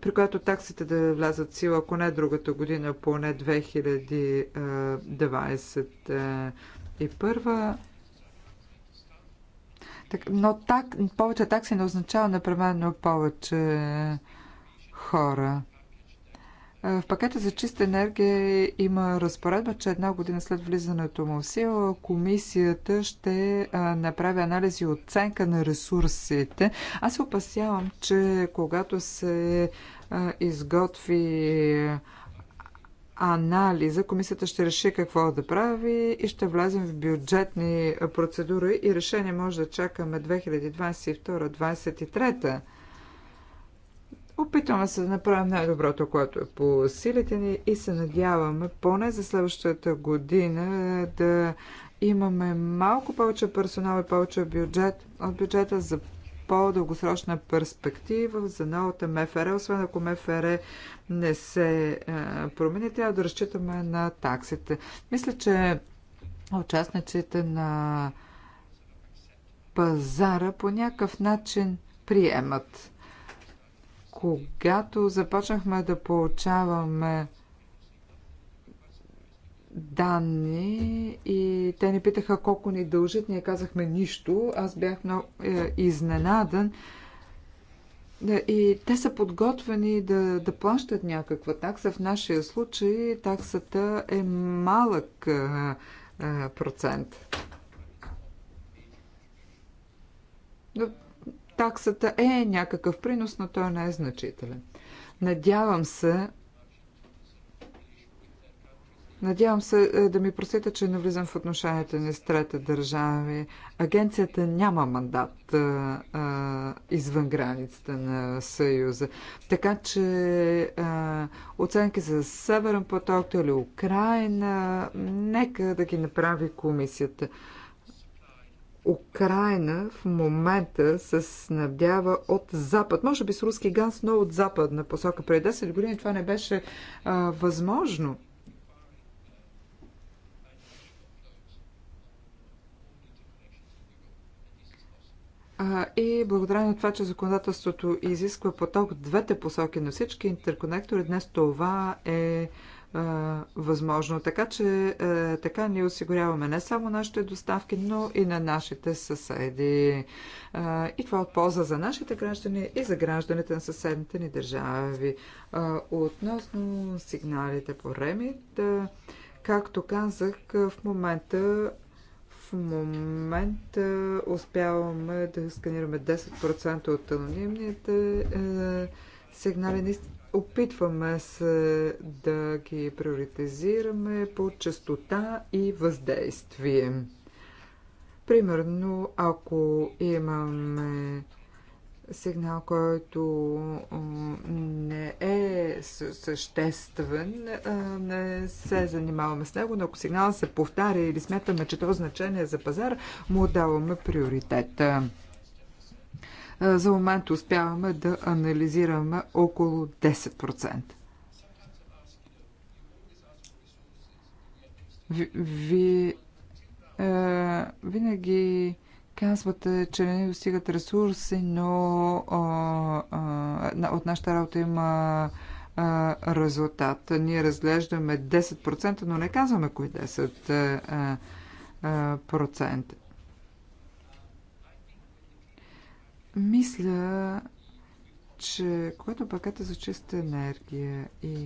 при която таксите да влязат в сила, ако не другата година, поне 2021. но так, повече такси не означава непременно повече хора. В пакета за чиста енергия има разпоредба, че една година след влизането му в сила комисията ще направи анализи и оценка на ресурсите. Аз се опасявам, че когато се изготви анализа, комисията ще реши какво да прави и ще влезем в бюджетни процедури и решение може да чакаме 2022-2023 Опитваме се да направим най-доброто, което е по силите ни и се надяваме поне за следващата година да имаме малко повече персонал и повече бюджет от бюджета за по-дългосрочна перспектива за новата МФР, освен ако МФР не се е, промени, трябва да разчитаме на таксите. Мисля, че участниците на пазара по някакъв начин приемат когато започнахме да получаваме данни и те ни питаха колко ни дължат. Ние казахме нищо. Аз бях много е, изненадан. И те са подготвени да, да плащат някаква такса. В нашия случай таксата е малък е, е процент таксата е някакъв принос, но той не е значителен. Надявам се, Надявам се е, да ми просите, че не влизам в отношенията ни с трета държави. Агенцията няма мандат а, е, а, е, извън границите на Съюза. Така че а, оценки за Северен поток или Украина, нека да ги направи комисията. Украина в момента се снабдява от Запад, може би с руски газ, но от Западна посока. Преди 10 години това не беше а, възможно. А, и благодарение на това, че законодателството изисква поток в двете посоки на всички интерконектори, днес това е възможно. Така че така ние осигуряваме не само нашите доставки, но и на нашите съседи. И това е от полза за нашите граждани и за гражданите на съседните ни държави. Относно сигналите по ремит, както казах, в момента в момента успяваме да сканираме 10% от анонимните сигнали. Опитваме се да ги приоритизираме по частота и въздействие. Примерно, ако имаме сигнал, който не е съществен, не се занимаваме с него, но ако сигнал се повтаря или смятаме, че това е значение за пазар, му отдаваме приоритета. За момент успяваме да анализираме около 10%. Ви е, винаги казвате, че не достигат ресурси, но е, е, от нашата работа има резултат. Ние разглеждаме 10%, но не казваме кои 10%. Мисля, че когато пакета за чиста енергия и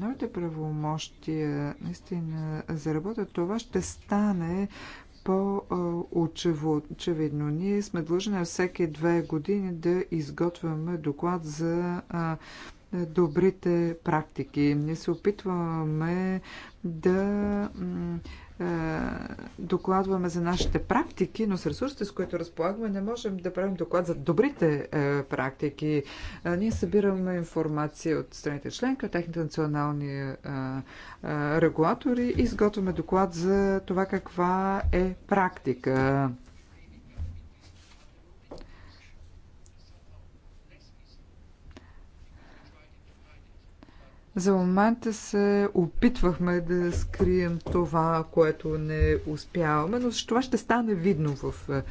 новите правомощия наистина заработят, това ще стане по-очевидно. Ние сме длъжни всеки две години да изготвяме доклад за добрите практики. Ние се опитваме да докладваме за нашите практики, но с ресурсите, с които разполагаме, не можем да правим доклад за добрите практики. ние събираме информация от страните членка, техните национални регулатори и изготвяме доклад за това каква е практика. За момента се опитвахме да скрием това, което не успяваме, но това ще стане видно в е,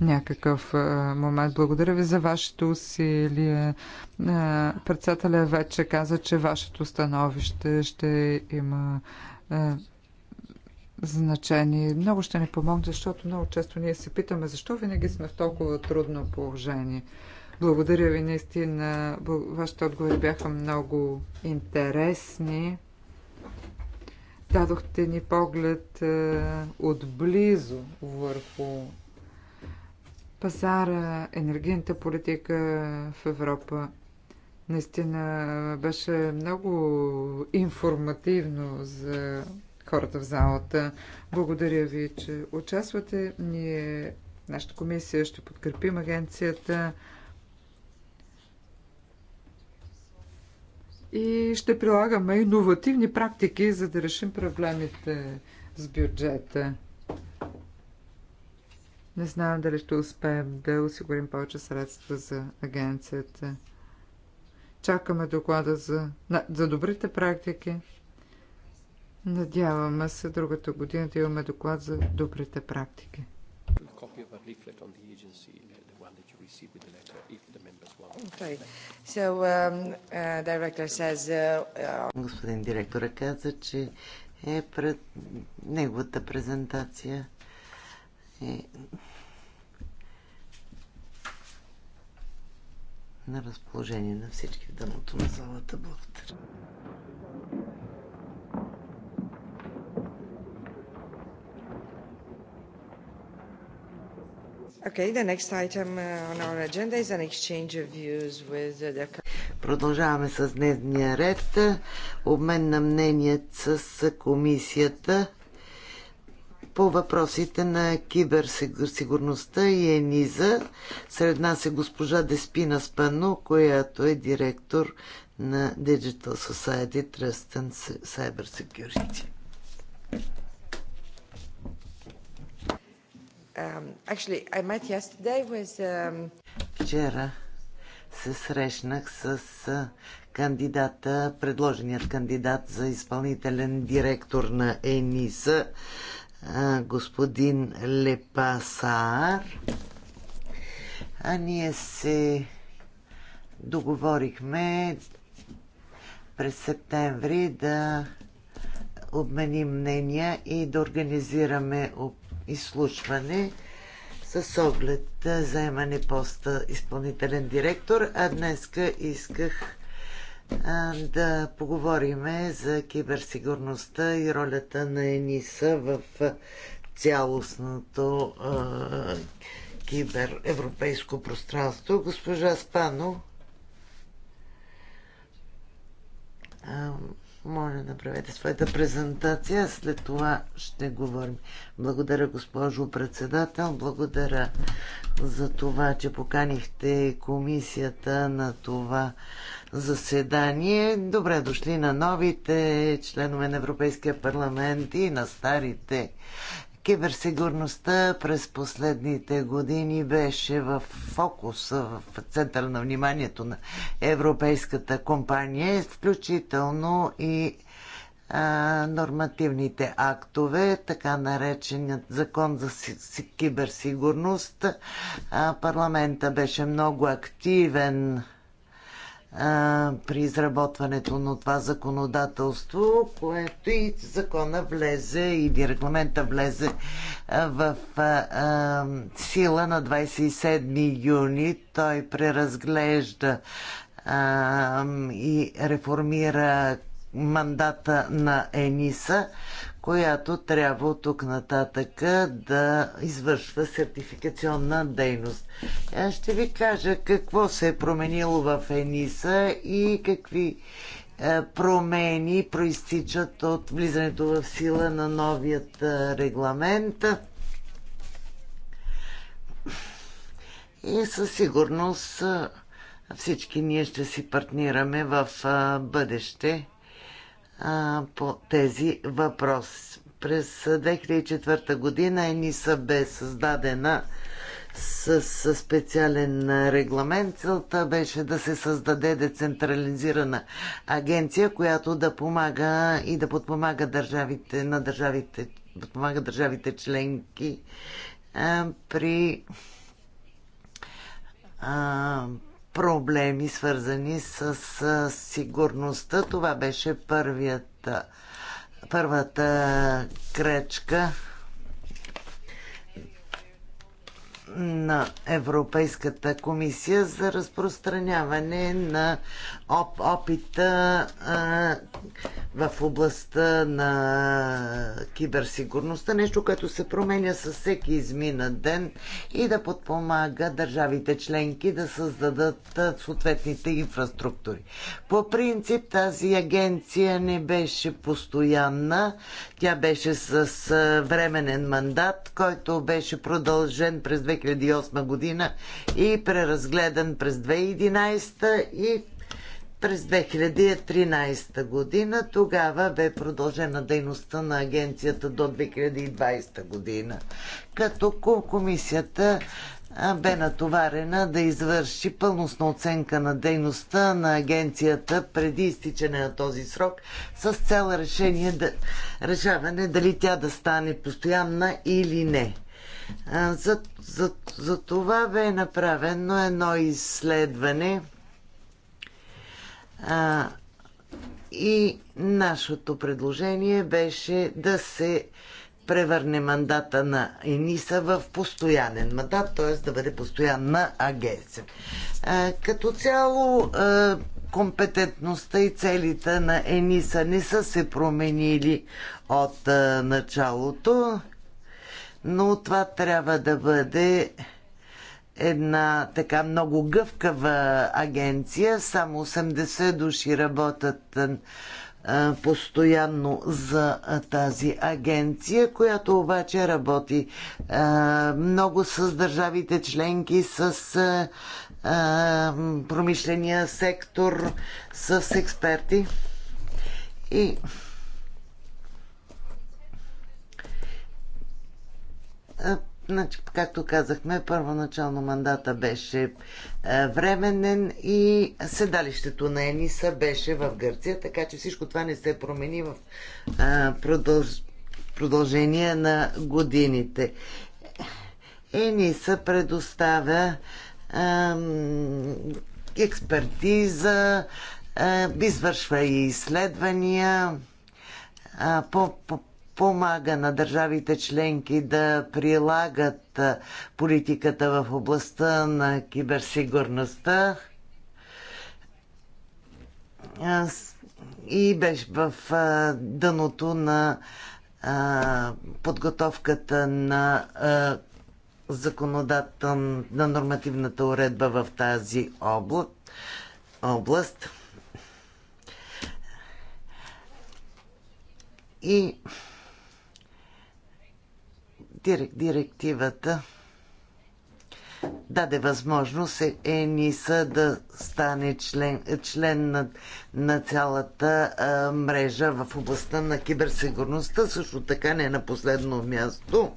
някакъв е, момент. Благодаря ви за вашето усилие. Е, председателя вече каза, че вашето становище ще има значение. Много ще ни помогне, защото много често ние се питаме защо винаги сме в толкова трудно положение. Благодаря ви наистина. Вашите отговори бяха много интересни. Дадохте ни поглед е, отблизо върху пазара, енергийната политика в Европа. Наистина е, беше много информативно за хората в залата. Благодаря ви, че участвате. Ние, нашата комисия, ще подкрепим агенцията. и ще прилагаме иновативни практики, за да решим проблемите с бюджета. Не знам дали ще успеем да осигурим повече средства за агенцията. Чакаме доклада за, за добрите практики. Надяваме се другата година да имаме доклад за добрите практики. Okay. Um, uh, uh, uh, Господин директора каза, че е пред неговата презентация е, на разположение на всички в дъното на залата. Благодаря. Okay, Продължаваме с дневния ред. Обмен на мнение с комисията по въпросите на киберсигурността и ЕНИЗА. Сред нас е госпожа Деспина Спано, която е директор на Digital Society Trust and Cyber Security. Um, um, Вчера се срещнах с кандидата, предложеният кандидат за изпълнителен директор на ЕНИСА, господин Лепасар. А ние се договорихме през септември да обменим мнения и да организираме изслушване с оглед заемане поста изпълнителен директор, а днеска исках да поговориме за киберсигурността и ролята на ЕНИСА в цялостното киберевропейско пространство. Госпожа Спано моля, направете своята презентация, след това ще говорим. Благодаря, госпожо председател. Благодаря за това, че поканихте комисията на това заседание. Добре дошли на новите членове на Европейския парламент и на старите Киберсигурността през последните години беше в фокус, в центъра на вниманието на европейската компания, включително и а, нормативните актове, така нареченият закон за киберсигурност. А, парламента беше много активен при изработването на това законодателство, което и закона влезе или регламента влезе в сила на 27 юни. Той преразглежда и реформира мандата на ЕНИСА, която трябва от тук нататък да извършва сертификационна дейност. Е, ще ви кажа какво се е променило в ЕНИСА и какви е, промени проистичат от влизането в сила на новият е, регламент. И със сигурност всички ние ще си партнираме в бъдеще а, по тези въпроси. През 2004 година ЕНИСА бе създадена с, с специален регламент. Целта беше да се създаде децентрализирана агенция, която да помага и да подпомага държавите, на държавите, подпомага държавите членки а, при а, проблеми, свързани с сигурността. Това беше първият, първата крачка на Европейската комисия за разпространяване на оп- опита а, в областта на киберсигурността, нещо, което се променя със всеки изминат ден и да подпомага държавите членки да създадат съответните инфраструктури. По принцип тази агенция не беше постоянна, тя беше с временен мандат, който беше продължен през 2000 2008 година и преразгледан през 2011 и през 2013 година. Тогава бе продължена дейността на агенцията до 2020 година, като комисията бе натоварена да извърши пълностна оценка на дейността на агенцията преди изтичане на този срок с цел решение да, решаване дали тя да стане постоянна или не. За, за, за това бе направено едно изследване а, и нашето предложение беше да се превърне мандата на ЕНИСА в постоянен мандат, т.е. да бъде постоянна агенция. Като цяло компетентността и целите на ЕНИСА не са се променили от началото но това трябва да бъде една така много гъвкава агенция. Само 80 души работят постоянно за тази агенция, която обаче работи много с държавите членки, с промишления сектор, с експерти. И Значи, както казахме, първоначално мандата беше временен и седалището на Ениса беше в Гърция, така че всичко това не се промени в продълж... продължение на годините. Ениса предоставя ам, експертиза, извършва и изследвания по, по, помага на държавите членки да прилагат политиката в областта на киберсигурността. И беше в дъното на подготовката на законодателна на нормативната уредба в тази област. И директивата даде възможност ЕНИСА да стане член, член на, на цялата а, мрежа в областта на киберсигурността. Също така не на последно място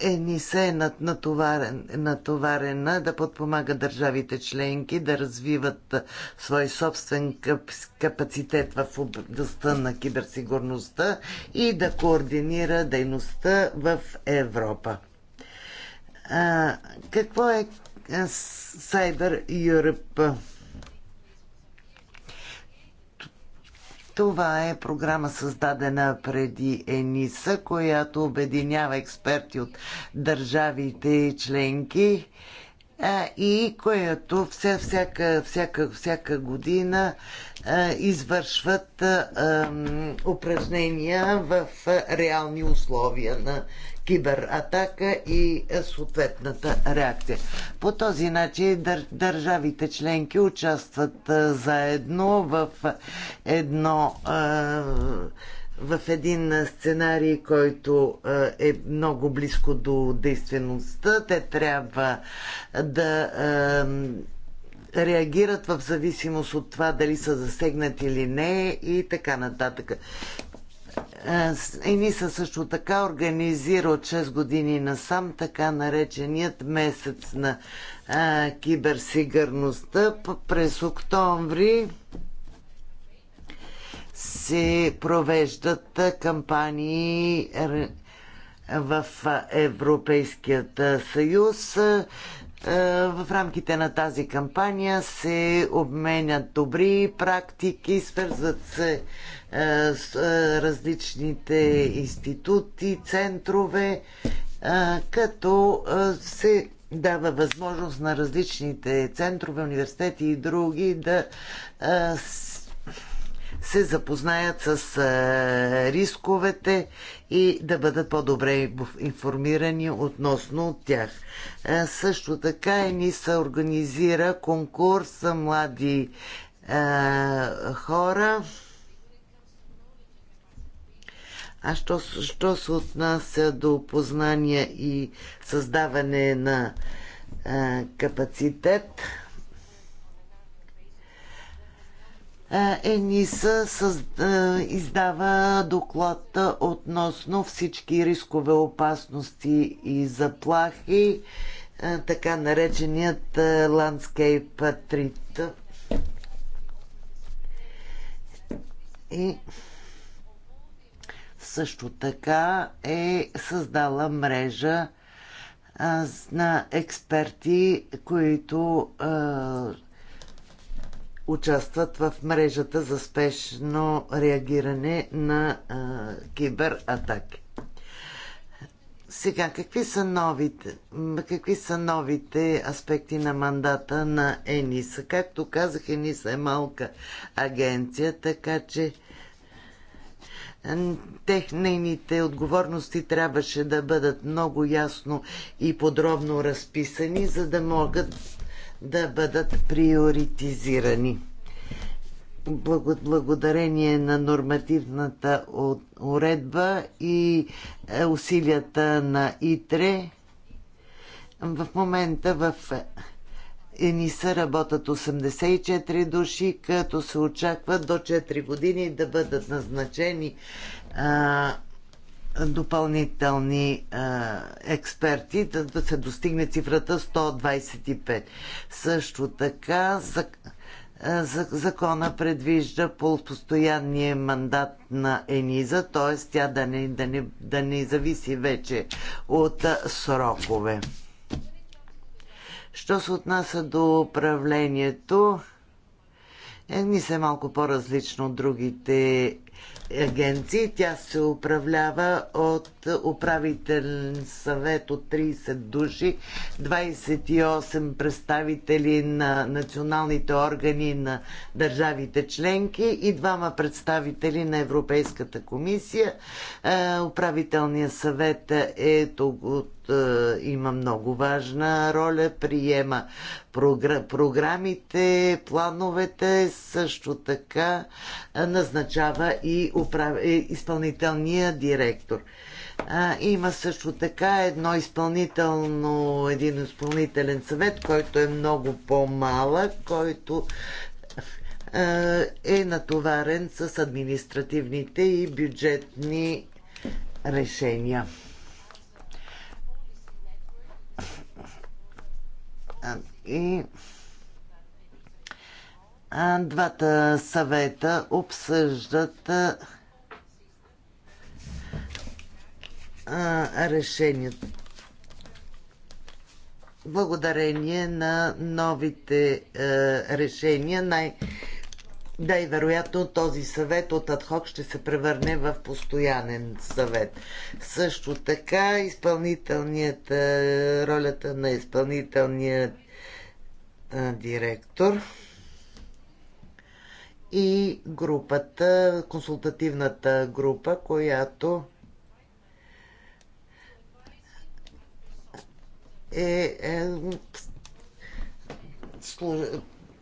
е ни се е натоварен, натоварена да подпомага държавите членки да развиват свой собствен капацитет в областта на киберсигурността и да координира дейността в Европа. А, какво е Cyber Europe? Това е програма създадена преди ЕНИСА, която обединява експерти от държавите и членки и която вся, всяка, всяка, всяка година а, извършват а, упражнения в реални условия на кибератака и е, съответната реакция. По този начин дър, държавите членки участват а, е, заедно в едно а, е, в един сценарий, който е много близко до действеността. Те трябва да реагират в зависимост от това дали са засегнати или не и така нататък. Е, ЕНИСА също така организира от 6 години насам така нареченият месец на а, е, киберсигърността. През октомври се провеждат е, кампании в Европейският съюз. В рамките на тази кампания се обменят добри практики, свързват се е, с е, различните институти, центрове, е, като се дава възможност на различните центрове, университети и други да се запознаят с рисковете и да бъдат по-добре информирани относно тях. Също така и ни се организира конкурс за млади хора а що, що се отнася до познания и създаване на а, е, капацитет, е, ЕНИСА е, издава доклад относно всички рискове, опасности и заплахи, така нареченият Landscape 3. И също така е създала мрежа а, на експерти, които а, участват в мрежата за спешно реагиране на а, кибератаки. Сега, какви са, новите, какви са новите аспекти на мандата на ЕНИСА? Както казах, ЕНИСА е малка агенция, така че Техните нейните отговорности трябваше да бъдат много ясно и подробно разписани, за да могат да бъдат приоритизирани. Благодарение на нормативната уредба и е, усилията на ИТРЕ, в момента в ЕНИСА работят 84 души, като се очаква до 4 години да бъдат назначени а, допълнителни а, експерти, да, да се достигне цифрата 125. Също така, за, а, за, закона предвижда по постоянния мандат на ЕНИЗА, т.е. тя да не, да, не, да не зависи вече от а, срокове. Що се отнася до управлението, едни са е малко по-различно от другите агенции. Тя се управлява от управителен съвет от 30 души, 28 представители на националните органи на държавите членки и двама представители на Европейската комисия. Е, управителният съвет е от е, има много важна роля, приема програмите, плановете, също така е, назначава и управ... Е, изпълнителния директор. Има също така едно изпълнително, един изпълнителен съвет, който е много по-малък, който е натоварен с административните и бюджетни решения. И двата съвета обсъждат решението. Благодарение на новите решения, най- да, и вероятно този съвет от Адхок ще се превърне в постоянен съвет. Също така, изпълнителният, е, ролята на изпълнителния е, директор и групата, консултативната група, която е, е служи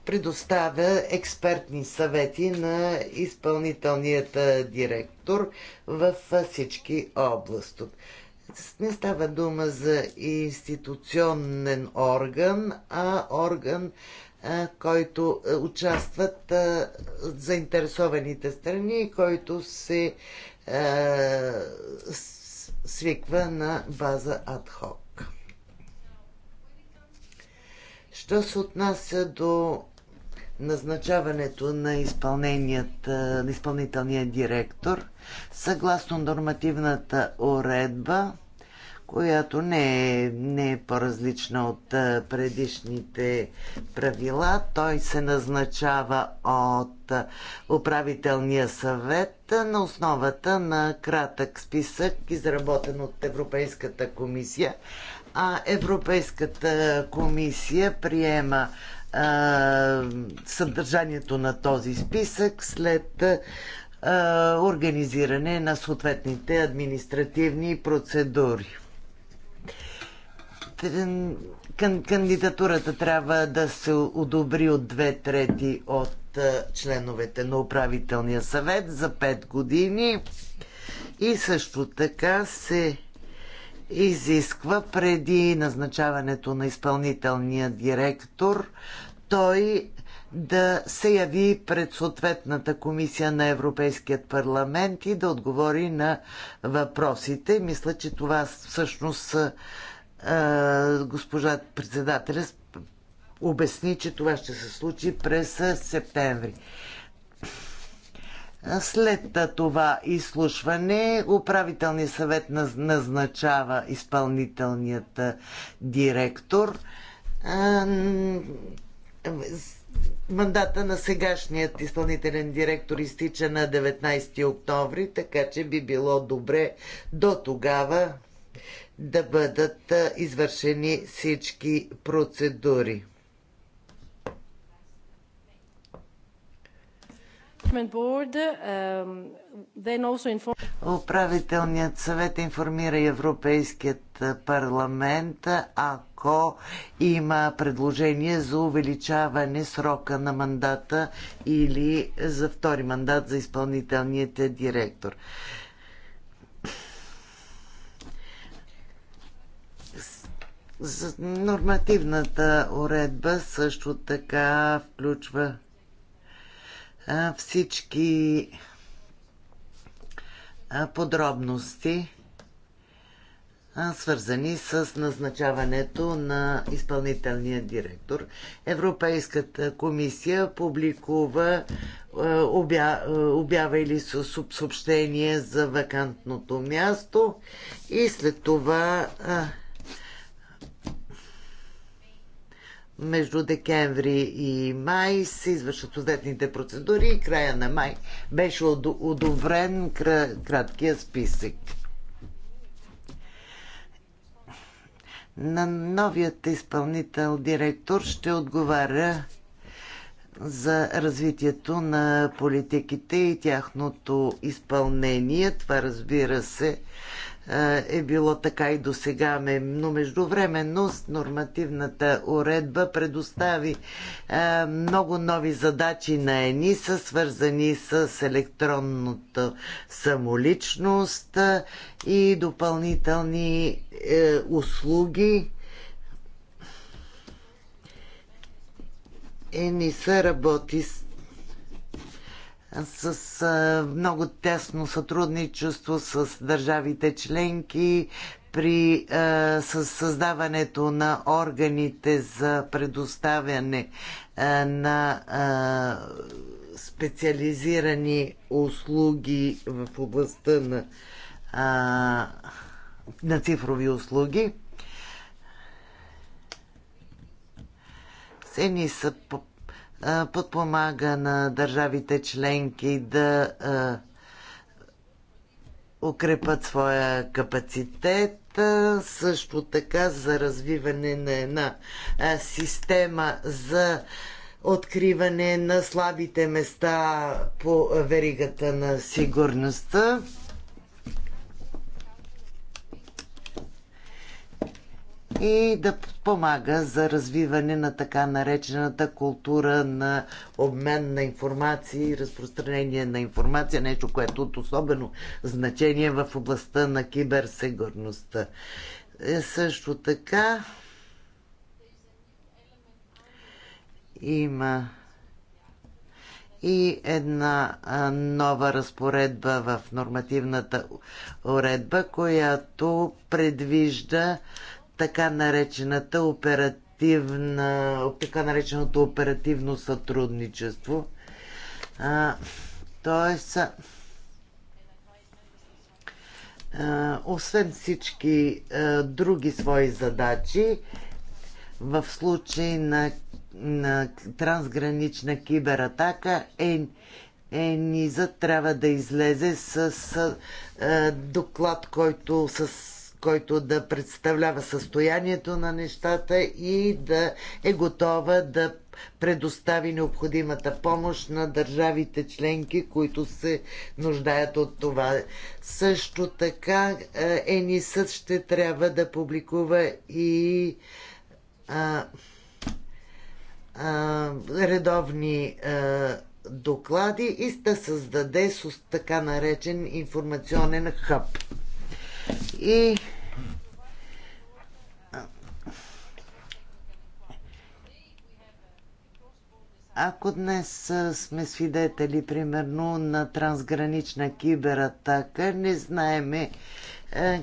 предоставя експертни съвети на изпълнителният директор в всички области. Не става дума за институционен орган, а орган, който участват заинтересованите страни, който се свиква на база адхок. Що се отнася до назначаването на, на изпълнителния директор съгласно нормативната уредба, която не е, не е по-различна от предишните правила. Той се назначава от управителния съвет на основата на кратък списък, изработен от Европейската комисия. А Европейската комисия приема съдържанието на този списък след организиране на съответните административни процедури. Кандидатурата трябва да се одобри от две трети от членовете на управителния съвет за 5 години и също така се изисква преди назначаването на изпълнителния директор той да се яви пред съответната комисия на Европейският парламент и да отговори на въпросите. Мисля, че това всъщност е, госпожа председателя обясни, че това ще се случи през септември. След това изслушване управителният съвет назначава изпълнителният директор. Мандата на сегашният изпълнителен директор изтича на 19 октомври, така че би било добре до тогава да бъдат извършени всички процедури. Управителният съвет информира Европейският парламент, ако има предложение за увеличаване срока на мандата или за втори мандат за изпълнителният директор. Нормативната уредба също така включва всички подробности, свързани с назначаването на изпълнителния директор. Европейската комисия публикува обя, обява или съобщение за вакантното място и след това между декември и май се извършват съответните процедури и края на май беше одобрен краткия списък. На новият изпълнител директор ще отговаря за развитието на политиките и тяхното изпълнение. Това разбира се е било така и до сега, но междувременно нормативната уредба предостави много нови задачи на ЕНИСА, свързани с електронната самоличност и допълнителни е, услуги. ЕНИСА работи с с много тесно сътрудничество с държавите членки при създаването на органите за предоставяне на специализирани услуги в областта на, а, на цифрови услуги. Едни са подпомага на държавите членки да укрепат своя капацитет, също така за развиване на една система за откриване на слабите места по веригата на сигурността. и да помага за развиване на така наречената култура на обмен на информация и разпространение на информация, нещо, което е от особено значение в областта на киберсигурността. Е, също така има и една нова разпоредба в нормативната уредба, която предвижда така наречената оперативна, така нареченото оперативно сътрудничество. А, тоест, а, освен всички а, други свои задачи, в случай на, на трансгранична кибератака е ЕНИЗА трябва да излезе с, с е, доклад, който с който да представлява състоянието на нещата и да е готова да предостави необходимата помощ на държавите членки, които се нуждаят от това. Също така е, ЕНИСът ще трябва да публикува и а, а, редовни а, доклади и да създаде с така наречен информационен хъб. И Ако днес сме свидетели, примерно, на трансгранична кибератака, не знаеме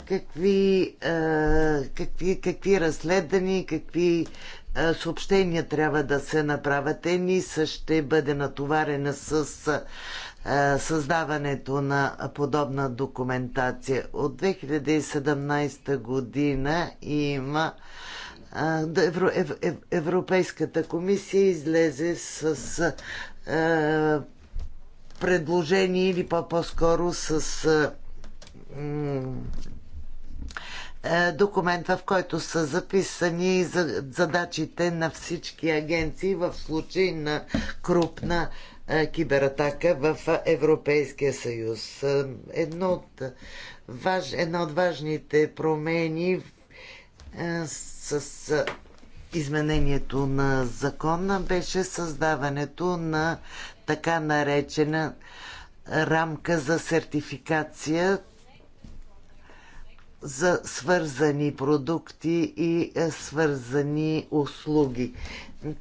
какви, какви, какви разследвания, какви съобщения трябва да се направят. ЕНИСА ще бъде натоварена с е, създаването на подобна документация. От 2017 година има е, Евро, Ев, Европейската комисия излезе с, е, предложение или по-скоро с е, е, документ, в който са записани задачите на всички агенции в случай на крупна кибератака в Европейския съюз. Едно от, важ, една от важните промени с, с изменението на закона беше създаването на така наречена рамка за сертификация, за свързани продукти и е, свързани услуги.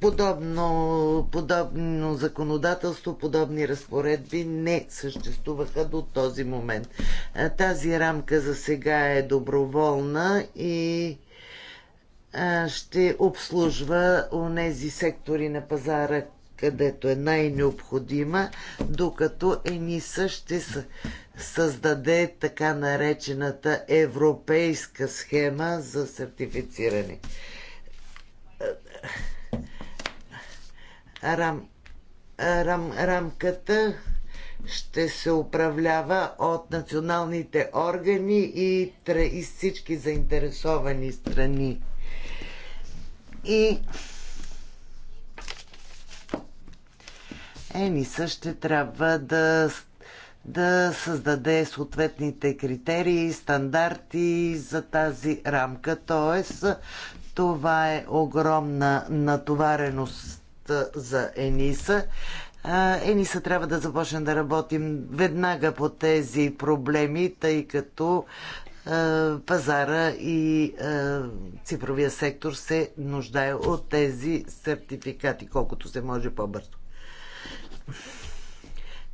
Подобно, подобно законодателство, подобни разпоредби не съществуваха до този момент. Е, тази рамка за сега е доброволна и е, ще обслужва нези сектори на пазара, където е най-необходима, докато ЕНИСА ще създаде така наречената европейска схема за сертифициране. Рам, рам, рамката ще се управлява от националните органи и, и всички заинтересовани страни. И ЕНИСА ще трябва да, да създаде съответните критерии, стандарти за тази рамка. Тоест, това е огромна натовареност за ЕНИСА. ЕНИСА трябва да започне да работим веднага по тези проблеми, тъй като пазара и цифровия сектор се нуждае от тези сертификати, колкото се може по-бързо.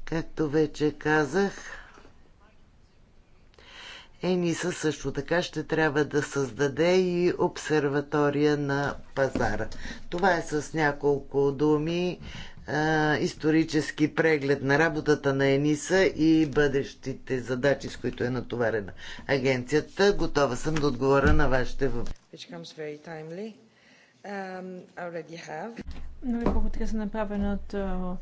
Както вече казах, ЕНИСА също така ще трябва да създаде и обсерватория на пазара. Това е с няколко думи а, исторически преглед на работата на ЕНИСА и бъдещите задачи, с които е натоварена агенцията. Готова съм да отговоря на вашите въпроси. Um, Много ви благодаря за направеното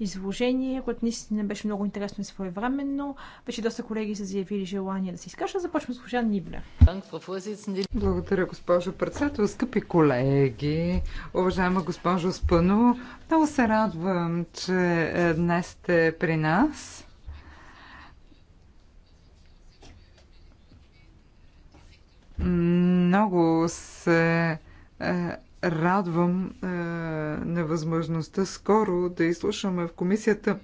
изложение, което наистина беше много интересно и своевременно. Вече доста колеги са заявили желание да се изкажат. Започваме с госпожа Нибле. Благодаря, госпожо председател. Скъпи колеги, уважаема госпожо Спъно, много се радвам, че е, днес сте при нас. Много се е, радвам е, на възможността скоро да изслушаме в комисията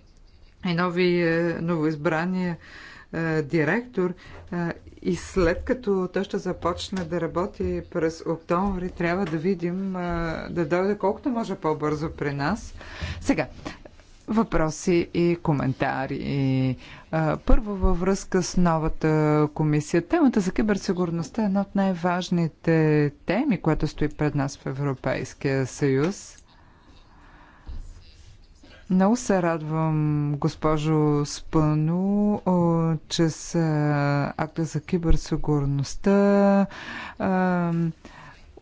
и нови, е, новоизбрания е, директор е, и след като той ще започне да работи през октомври, трябва да видим е, да дойде колкото може по-бързо при нас. Сега, въпроси и коментари. Първо във връзка с новата комисия. Темата за киберсигурността е една от най-важните теми, която стои пред нас в Европейския съюз. Много се радвам, госпожо Спъно, че с акта за киберсигурността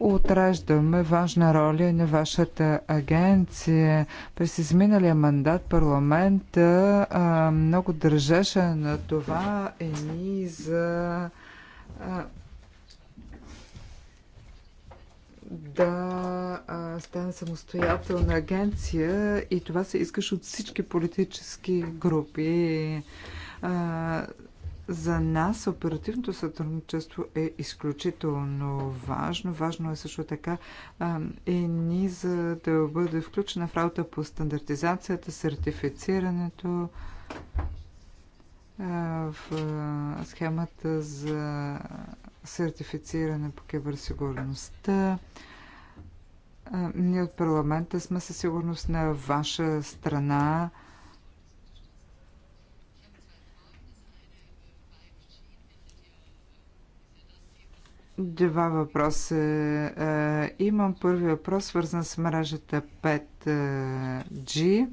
отреждаме важна роля на вашата агенция. През изминалия мандат парламента а, много държеше на това е ни за а, да а, стане самостоятелна агенция и това се искаш от всички политически групи. А, за нас оперативното сътрудничество е изключително важно. Важно е също така и ни за да бъде включена в работа по стандартизацията, сертифицирането в схемата за сертифициране по киберсигурността. Ние от парламента сме със сигурност на ваша страна Два въпроса е, имам. Първи въпрос свързан с мрежата 5G.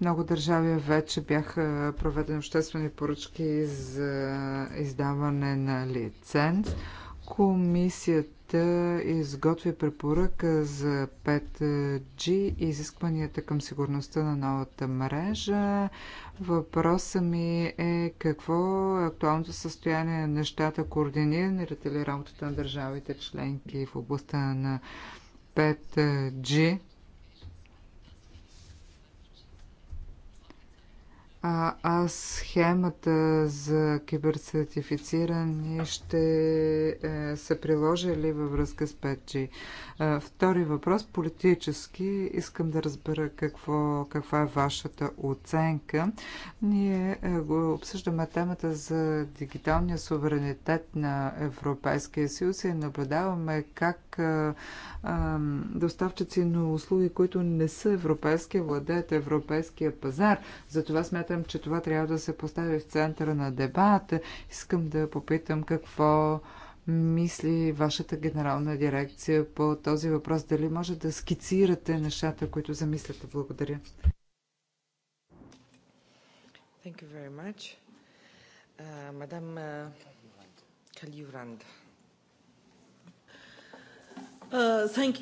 Много държави вече бяха проведени обществени поръчки за издаване на лиценз. Комисията да изготви препоръка за 5G и изискванията към сигурността на новата мрежа. Въпросът ми е какво е актуалното състояние на нещата, координирате ли работата на държавите членки в областта на 5G? а, а схемата за киберсертифициране ще е, се приложи ли във връзка с 5G? втори въпрос, политически, искам да разбера какво, каква е вашата оценка. Ние е, го обсъждаме темата за дигиталния суверенитет на Европейския съюз и наблюдаваме как е, доставчици на услуги, които не са европейски, владеят европейския пазар. Затова смятам, че това трябва да се постави в центъра на дебата. Искам да попитам какво мисли вашата генерална дирекция по този въпрос. Дали може да скицирате нещата, които замисляте? Благодаря. Thank you very much. Uh, uh, Uh, thank,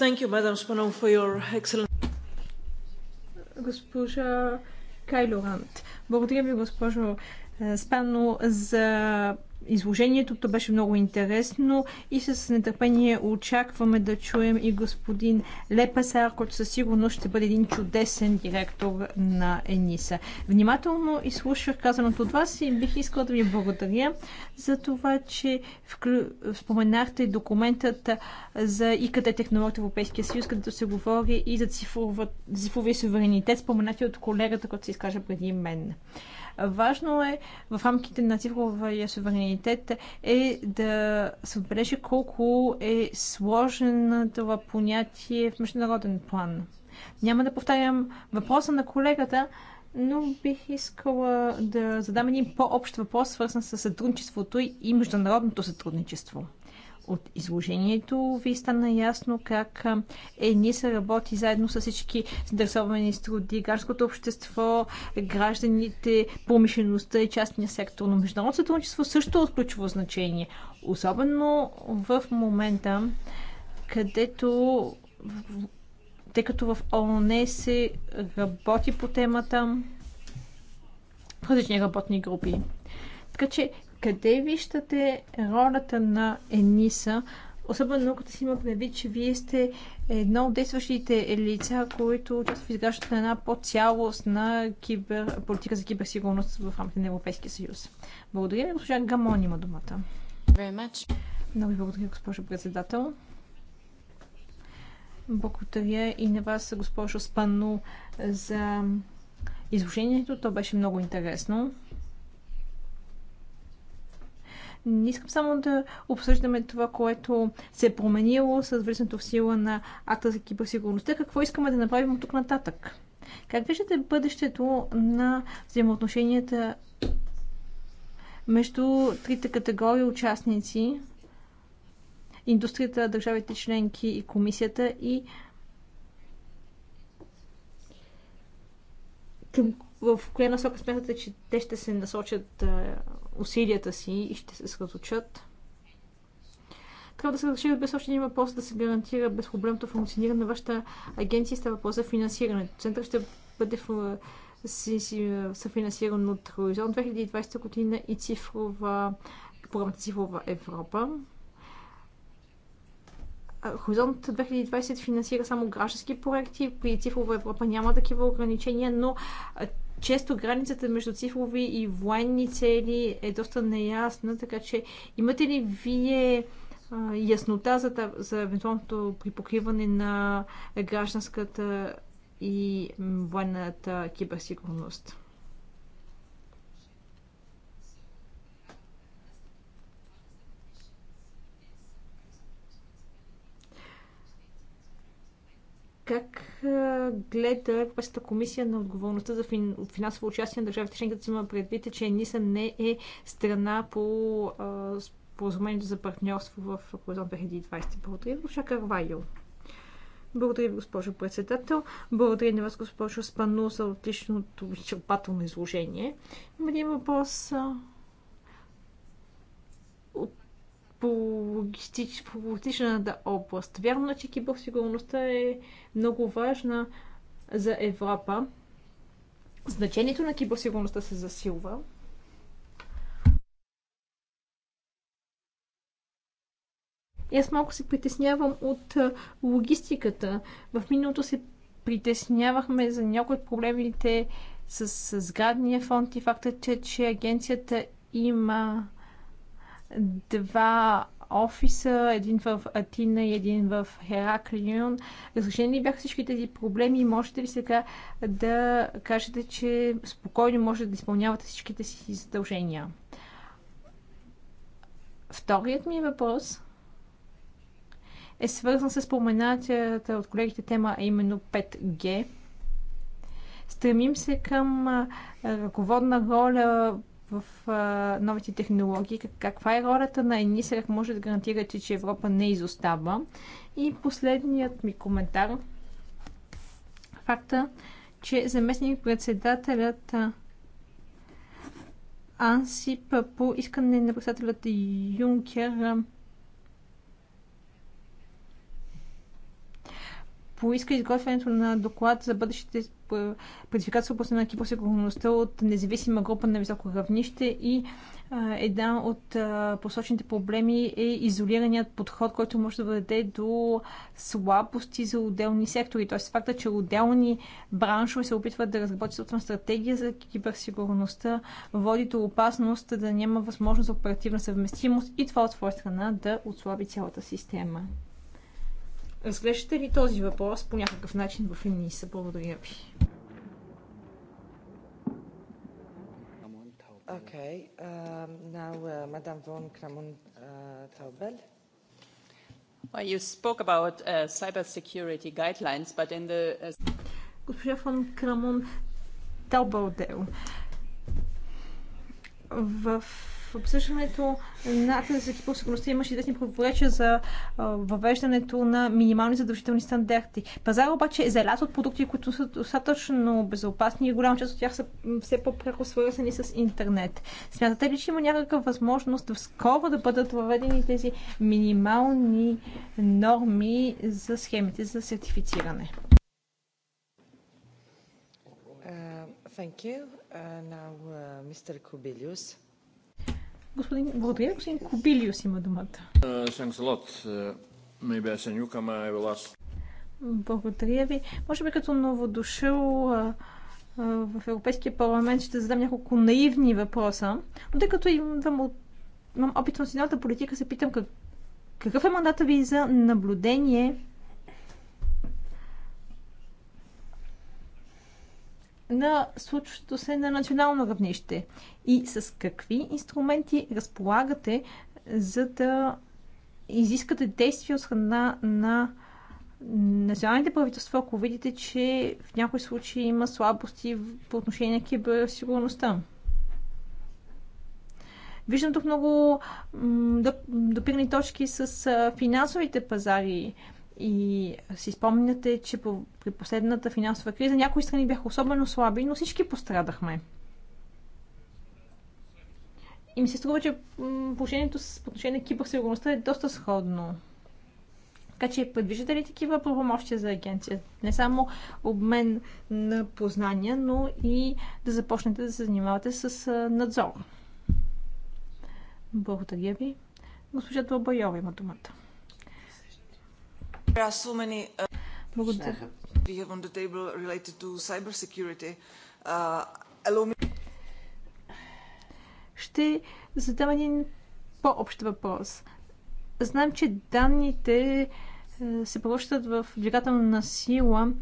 thank you, Madam Spanon, for your excellent... Госпожа Кайлорант. Благодаря ви, госпожо е, Спано, за изложението. То беше много интересно и с нетърпение очакваме да чуем и господин Лепасар, който със сигурност ще бъде един чудесен директор на ЕНИСА. Внимателно изслушах казаното от вас и бих искала да ви благодаря за това, че вклю... споменахте документът за ИКТ технологията в Европейския съюз, където се говори и за цифровия суверенитет, споменати от колегата, който се изкаже преди мен. Важно е в рамките на цифровия суверенитет е да се отбележи колко е сложен това понятие в международен план. Няма да повтарям въпроса на колегата, но бих искала да задам един по-общ въпрос, свързан с сътрудничеството и международното сътрудничество. От изложението ви стана ясно как се работи заедно с всички държавни струди, гражданското общество, гражданите, промишлеността и частния сектор. Но международното сътрудничество също е от ключово значение. Особено в момента, където тъй като в ООН се работи по темата в различни работни групи. Така че къде виждате ролята на ЕНИСА, особено като си има предвид, че вие сте едно от действащите лица, които участват в изграждането на една по-цялостна кибер... политика за киберсигурност в рамките на Европейския съюз. Благодаря ви, госпожа Гамон има думата. Много ви благодаря, госпожо председател. Благодаря и на вас, госпожо Спанно, за изложението. То беше много интересно. Не искам само да обсъждаме това, което се е променило с влизането в сила на акта за киберсигурността. Какво искаме да направим от тук нататък? Как виждате бъдещето на взаимоотношенията между трите категории участници, индустрията, държавите членки и комисията и към, в коя насока смятате, че те ще се насочат е, усилията си и ще се съсредоточат. Трябва да се разреши без още един въпрос да се гарантира безпроблемното функциониране на вашата агенция. Става въпрос за финансирането. Център ще бъде в, си, си, съфинансиран от Хоризонт 2020 година и цифрова, програмата Цифрова Европа. Хоризонт 2020 финансира само граждански проекти. При Цифрова Европа няма такива ограничения, но често границата между цифрови и военни цели е доста неясна, така че имате ли вие а, яснота за, за евентуалното припокриване на гражданската и военната киберсигурност? Как гледа Европейската комисия на отговорността за фин... финансово участие на държавите членки, като има предвид, че ЕНИСА не е страна по споразумението за партньорство в Хоризонт 2020? Благодаря, Руша Карвайо. Благодаря ви, госпожо председател. Благодаря на вас, госпожо Спану, за отличното изчерпателно изложение. Има един въпрос по, логистич, по логистичната област. Вярно, е, че киберсигурността е много важна за Европа. Значението на киберсигурността се засилва. И аз малко се притеснявам от логистиката. В миналото се притеснявахме за някои от проблемите с сградния фонд и факта, че, че агенцията има два офиса, един в Атина и един в Хераклион. Разрешени ли бяха всички тези проблеми и можете ли сега да кажете, че спокойно можете да изпълнявате всичките си задължения? Вторият ми въпрос е свързан с споменатията от колегите тема, а именно 5G. Стремим се към ръководна роля в а, новите технологии, как, каква е ролята на ЕНИСА, как може да гарантирате, че Европа не изостава. И последният ми коментар. Факта, че заместник председателят Ансип по искане на председателят Юнкер поиска изготвянето на доклад за бъдещите е, предизвикателства на киберсигурността от независима група на високо равнище и една от посочените проблеми е изолираният подход, който може да доведе до слабости за отделни сектори. Тоест факта, че отделни браншове се опитват да разработят собствена стратегия за киберсигурността, води до опасност да няма възможност за оперативна съвместимост и това от своя страна да отслаби цялата система. Разглеждате ли този въпрос по някакъв начин в ЕНИСА? Благодаря ви. Okay, uh, now uh, Madame von Kramon-Taubel. Uh, well, you spoke about uh, cybersecurity guidelines, but in the... Uh... Госпожа von Крамон-Таубел в обсъждането на акта за киберсигурността имаше известни противоречия за въвеждането на минимални задължителни стандарти. Пазара обаче е залят от продукти, които са достатъчно безопасни и голяма част от тях са все по-пряко свързани с интернет. Смятате ли, че има някаква възможност в скоро да бъдат въведени тези минимални норми за схемите за сертифициране? Uh, thank you. Uh, now, uh, Mr. Kubilius. Господин, благодаря. Господин Кобилиус има думата. Uh, uh, благодаря ви. Може би като дошъл в Европейския парламент ще задам няколко наивни въпроса, но тъй като имам, имам опит в националната политика, се питам как, какъв е мандата ви за наблюдение на случващото се на национално равнище и с какви инструменти разполагате, за да изискате действия от страна на националните правителства, ако видите, че в някои случаи има слабости по отношение на киберсигурността. Виждам тук много допирни точки с финансовите пазари. И си спомняте, че по, при последната финансова криза някои страни бяха особено слаби, но всички пострадахме. И ми се струва, че положението с отношение на киберсигурността е доста сходно. Така че предвиждате ли такива правомощия за агенция? Не само обмен на познания, но и да започнете да се занимавате с надзор. Благодаря ви. Госпожа Дълбайова има думата. Uh, Благодаря. Uh, Ще задам един по-общ въпрос. Знам, че данните е, се превръщат в двигателна сила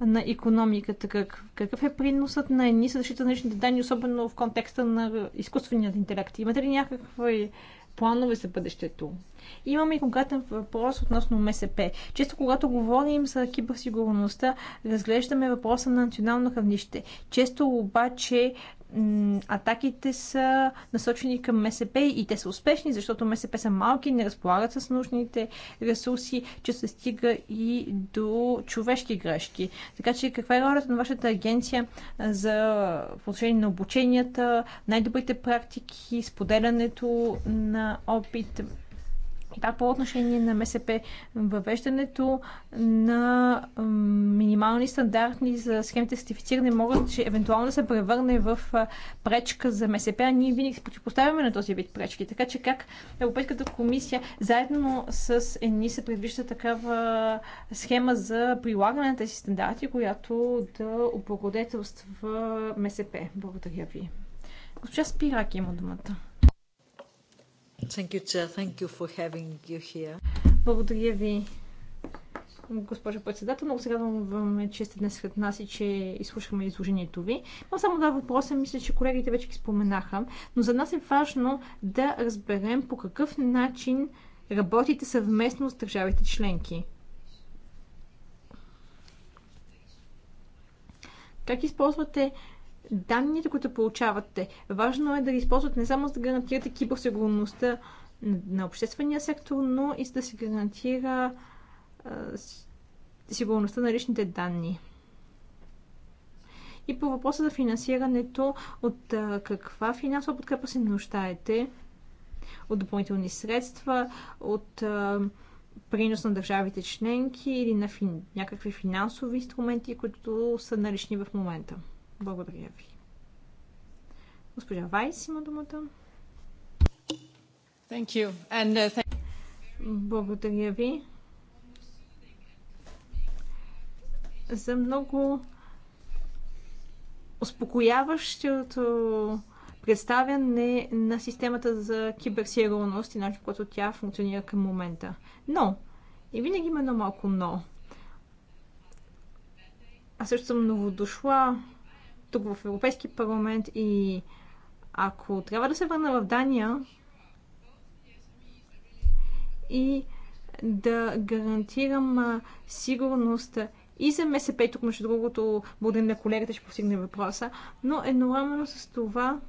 на економиката. Как, какъв е приносът на едни защита на личните данни, особено в контекста на изкуственият интелект? Имате ли някакви планове за бъдещето? Имаме и конкретен въпрос относно МСП. Често когато говорим за киберсигурността, разглеждаме въпроса на национално равнище. Често обаче атаките са насочени към МСП и те са успешни, защото МСП са малки, не разполагат с нужните ресурси, че се стига и до човешки грешки. Така че каква е ролята на вашата агенция за отношение на обученията, най-добрите практики, споделянето на опит и по отношение на МСП, въвеждането на минимални стандарти за схемите сертифициране могат, че евентуално да се превърне в пречка за МСП, а ние винаги се противопоставяме на този вид пречки. Така че как Европейската комисия заедно с ЕНИ се предвижда такава схема за прилагане на тези стандарти, която да облагодетелства МСП. Благодаря ви. Госпожа Спирак има думата. Thank you, Chair. Thank you for having you here. Благодаря ви, госпожо председател. Много се радвам, че сте днес сред нас и че изслушахме изложението ви. Но само два въпроса, мисля, че колегите вече ги споменаха, но за нас е важно да разберем по какъв начин работите съвместно с държавите членки. Как използвате данните, които получавате. Важно е да ги използвате не само за да гарантирате киберсигурността на обществения сектор, но и за да се гарантира сигурността на личните данни. И по въпроса за финансирането, от каква финансова подкрепа се нуждаете? От допълнителни средства, от принос на държавите членки или на фин... някакви финансови инструменти, които са налични в момента? Благодаря ви. Госпожа Вайс има думата. Thank you. And, uh, thank... Благодаря ви за много успокояващото представяне на системата за киберсигурност и начин, който тя функционира към момента. Но, и винаги има едно малко но. Аз също съм новодошла тук в Европейски парламент и ако трябва да се върна в Дания и да гарантирам сигурност и за МСП, тук между другото, благодарим на колегата, ще постигне въпроса, но едновременно с това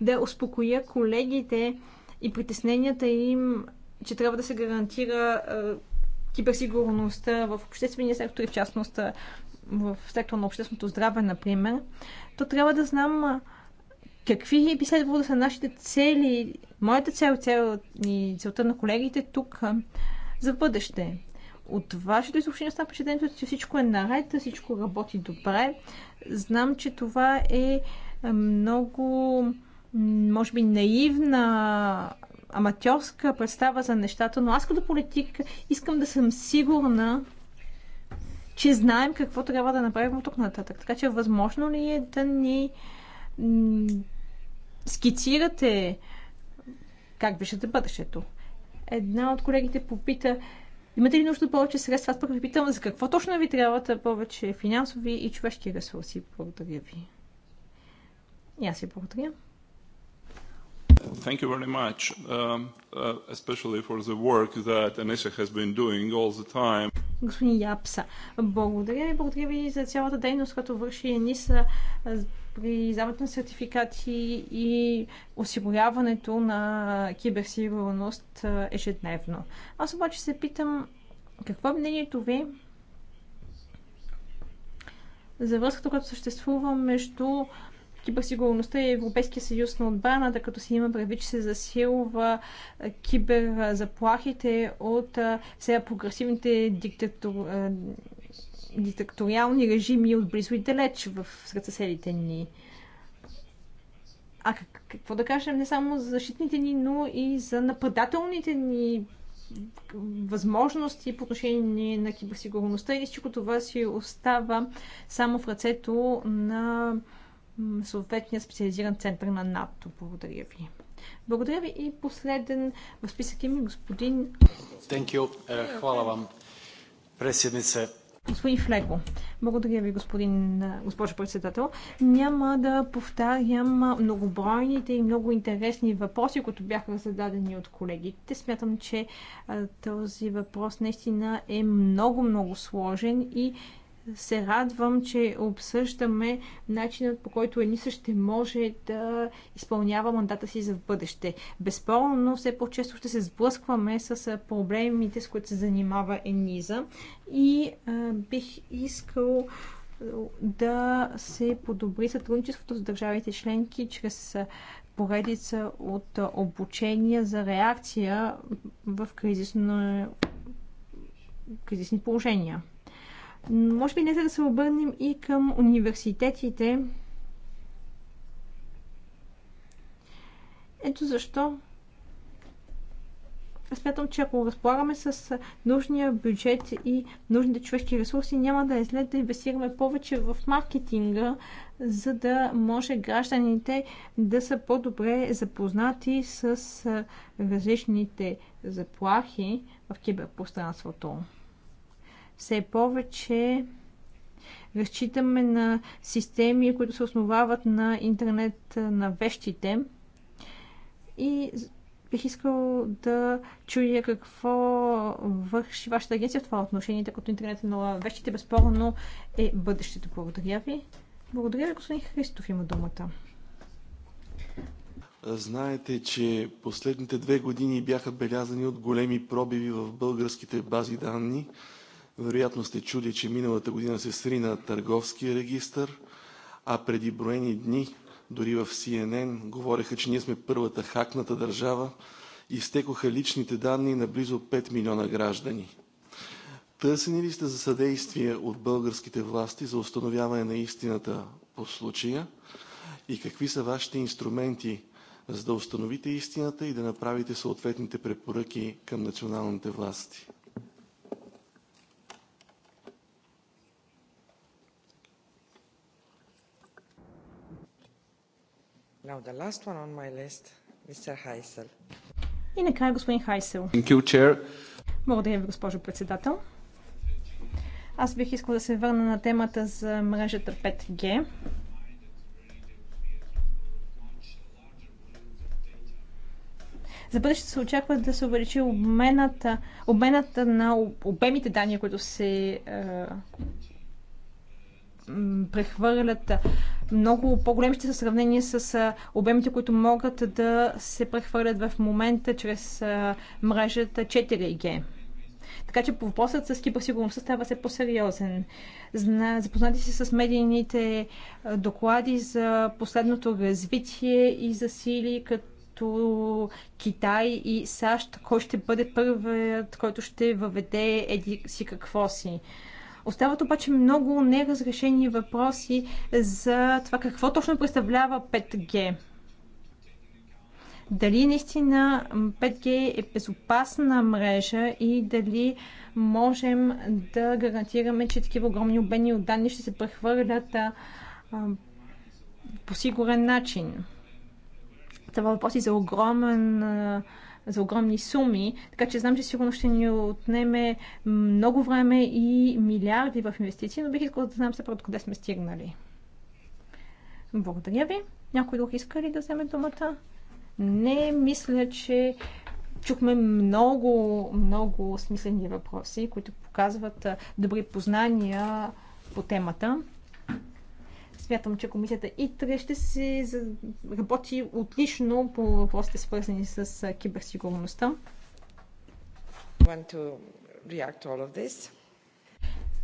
да успокоя колегите и притесненията им, че трябва да се гарантира киберсигурността в обществения сектор и в частност в сектора на общественото здраве, например, то трябва да знам какви би следвало да са нашите цели, моята цел, цел и целта на колегите тук за бъдеще. От вашето изобщение стана впечатлението, че всичко е наред, всичко работи добре. Знам, че това е много, може би, наивна аматьорска представа за нещата, но аз като политик искам да съм сигурна, че знаем какво трябва да направим от тук нататък. Така че възможно ли е да ни скицирате как да бъдещето? Една от колегите попита Имате ли нужда повече средства? Аз пък ви питам за какво точно ви трябват да повече финансови и човешки ресурси. Благодаря ви. И аз ви благодаря. Thank you very much, um, uh, especially for the work that Anisha has been doing all the time. Господин Япса, благодаря ви, благодаря ви за цялата дейност, която върши Ениса при издаването на сертификати и осигуряването на киберсигурност ежедневно. Аз обаче се питам, какво е мнението ви за връзката, която съществува между киберсигурността и Европейския съюз на отбраната, като си има предвид, че се засилва киберзаплахите от сега прогресивните диктатур... диктаториални режими от близо и далеч в сред съседите ни. А какво да кажем не само за защитните ни, но и за нападателните ни възможности по отношение на киберсигурността и всичко това си остава само в ръцето на съответния специализиран център на НАТО. Благодаря ви. Благодаря ви и последен в списъка ми господин... Thank you. Uh, хвала вам, пресjednice. Господин Флеко, благодаря ви, господин, е, госпожо председател. Няма да повтарям многобройните и много интересни въпроси, които бяха зададени от колегите. Смятам, че е, този въпрос наистина е много-много сложен и се радвам, че обсъждаме начинът по който ЕНИСА ще може да изпълнява мандата си за в бъдеще. Безспорно, все по-често ще се сблъскваме с проблемите, с които се занимава ЕНИЗА и а, бих искал да се подобри сътрудничеството с държавите членки чрез поредица от обучения за реакция в кризисно... кризисни положения. Може би не да се обърнем и към университетите. Ето защо смятам, че ако разполагаме с нужния бюджет и нужните човешки ресурси, няма да е след да инвестираме повече в маркетинга, за да може гражданите да са по-добре запознати с различните заплахи в киберпространството все повече разчитаме на системи, които се основават на интернет на вещите. И бих искал да чуя какво върши вашата агенция в това отношение, тъй като интернет на вещите безспорно е бъдещето. Благодаря ви. Благодаря ви, господин Христов има думата. Знаете, че последните две години бяха белязани от големи пробиви в българските бази данни – вероятно сте чули, че миналата година се срина търговския регистр, а преди броени дни дори в CNN говореха, че ние сме първата хакната държава. Изтекоха личните данни на близо 5 милиона граждани. Търсени ли сте за съдействие от българските власти за установяване на истината по случая и какви са вашите инструменти за да установите истината и да направите съответните препоръки към националните власти? Now the last one on my list, Mr. Heisel. И накрая господин Хайсел. You, Благодаря ви, госпожо председател. Аз бих искал да се върна на темата за мрежата 5G. За бъдещето се очаква да се увеличи обмената, обмената на обемите данни, които се е, прехвърлят много по-големи ще са в сравнение с обемите, които могат да се прехвърлят в момента чрез мрежата 4G. Така че въпросът с киберсигурността става все по-сериозен. Запознати си с медийните доклади за последното развитие и за сили като Китай и САЩ, кой ще бъде първият, който ще въведе еди си какво си. Остават обаче много неразрешени въпроси за това какво точно представлява 5G. Дали наистина 5G е безопасна мрежа и дали можем да гарантираме, че такива огромни обеми от данни ще се прехвърлят а, по сигурен начин. Това въпроси е за огромен а, за огромни суми, така че знам, че сигурно ще ни отнеме много време и милиарди в инвестиции, но бих искал да знам все пак къде сме стигнали. Благодаря ви. Някой друг иска ли да вземе думата? Не, мисля, че чухме много, много смислени въпроси, които показват добри познания по темата. Смятам, че комисията и ИТРЕ ще си работи отлично по въпросите свързани с киберсигурността.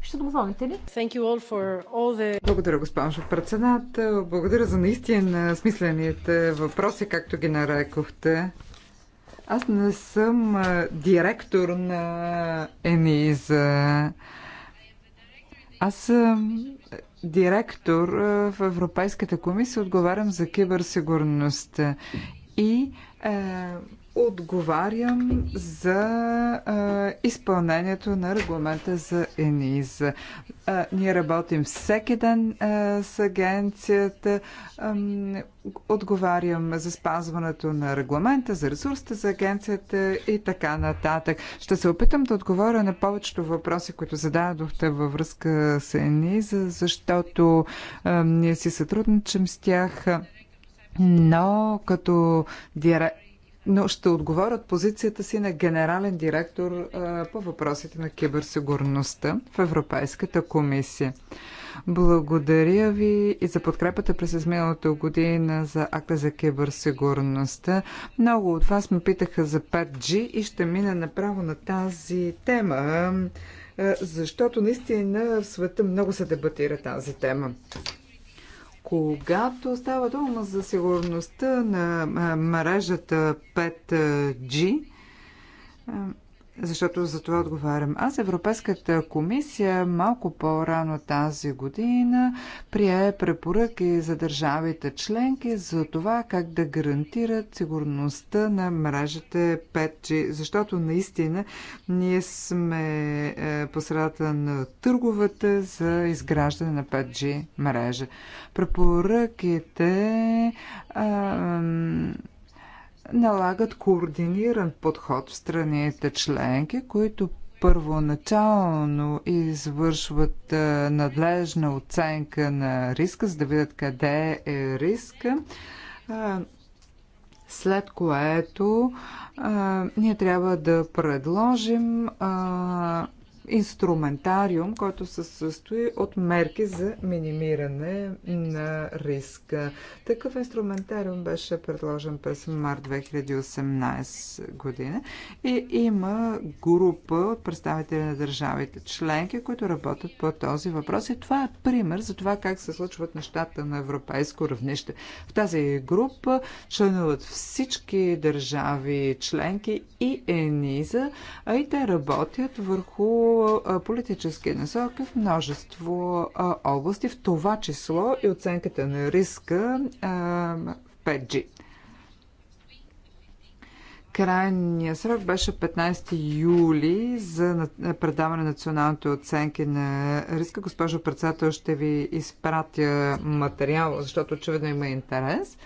Ще добавите ли? The... Благодаря, госпожо председател. Благодаря за наистина смислените въпроси, както ги нарекохте. Аз не съм директор на ЕНИЗА. Аз съм директор в Европейската комисия, отговарям за киберсигурността. И е, отговарям за а, изпълнението на регламента за ЕНИЗ. А, ние работим всеки ден а, с агенцията. А, отговарям за спазването на регламента, за ресурсите за агенцията и така нататък. Ще се опитам да отговоря на повечето въпроси, които зададохте във връзка с ЕНИЗ, защото а, ние си сътрудничам с тях. Но като директор но ще отговорят позицията си на генерален директор по въпросите на киберсигурността в Европейската комисия. Благодаря ви и за подкрепата през изминалата година за акта за киберсигурността. Много от вас ме питаха за 5G и ще мина направо на тази тема, защото наистина в света много се дебатира тази тема. Когато става дума за сигурността на мрежата 5G, защото за това отговарям. Аз Европейската комисия малко по-рано тази година прие препоръки за държавите членки за това как да гарантират сигурността на мрежите 5G, защото наистина ние сме е, посредата на търговата за изграждане на 5G мрежа. Препоръките а, налагат координиран подход в страните членки, които първоначално извършват надлежна оценка на риска, за да видят къде е риска, след което ние трябва да предложим инструментариум, който се състои от мерки за минимиране на риска. Такъв инструментариум беше предложен през март 2018 година и има група от представители на държавите членки, които работят по този въпрос и това е пример за това как се случват нещата на европейско равнище. В тази група членуват всички държави членки и ЕНИЗА, а и те работят върху политически насоки в множество области, в това число и оценката на риска в 5G. Крайният срок беше 15 юли за предаване на националните оценки на риска. Госпожо председател, ще ви изпратя материал, защото очевидно има интерес.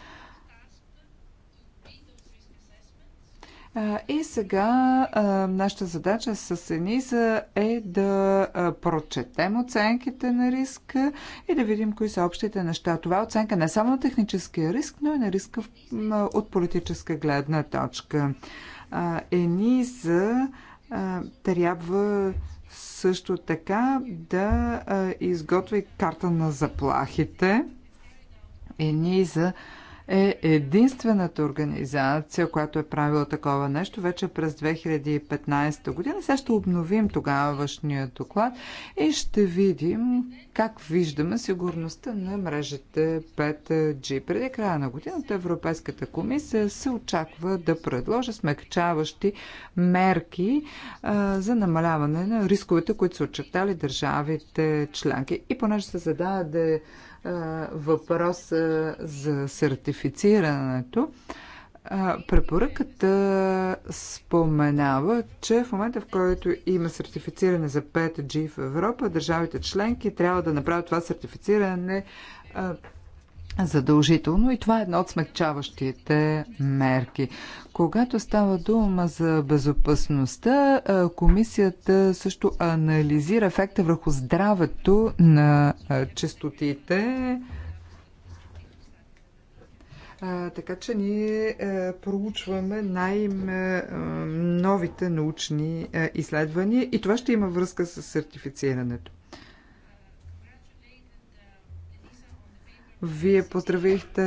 И сега нашата задача с Ениза е да прочетем оценките на риска и да видим кои са общите неща. Това е оценка не само на техническия риск, но и на риска от политическа гледна точка. Ениза трябва също така да изготви карта на заплахите. ЕНИСА е единствената организация, която е правила такова нещо вече през 2015 година. Сега ще обновим тогавашния доклад и ще видим как виждаме сигурността на мрежите 5G. Преди края на годината Европейската комисия се очаква да предложи смекчаващи мерки а, за намаляване на рисковете, които са очертали държавите членки. И понеже се зададе да въпроса за сертифицирането, препоръката споменава, че в момента, в който има сертифициране за 5G в Европа, държавите членки трябва да направят това сертифициране задължително и това е едно от смягчаващите мерки. Когато става дума за безопасността, комисията също анализира ефекта върху здравето на частотите. А, така че ние а, проучваме най-новите научни а, изследвания и това ще има връзка с сертифицирането. Вие поздравихте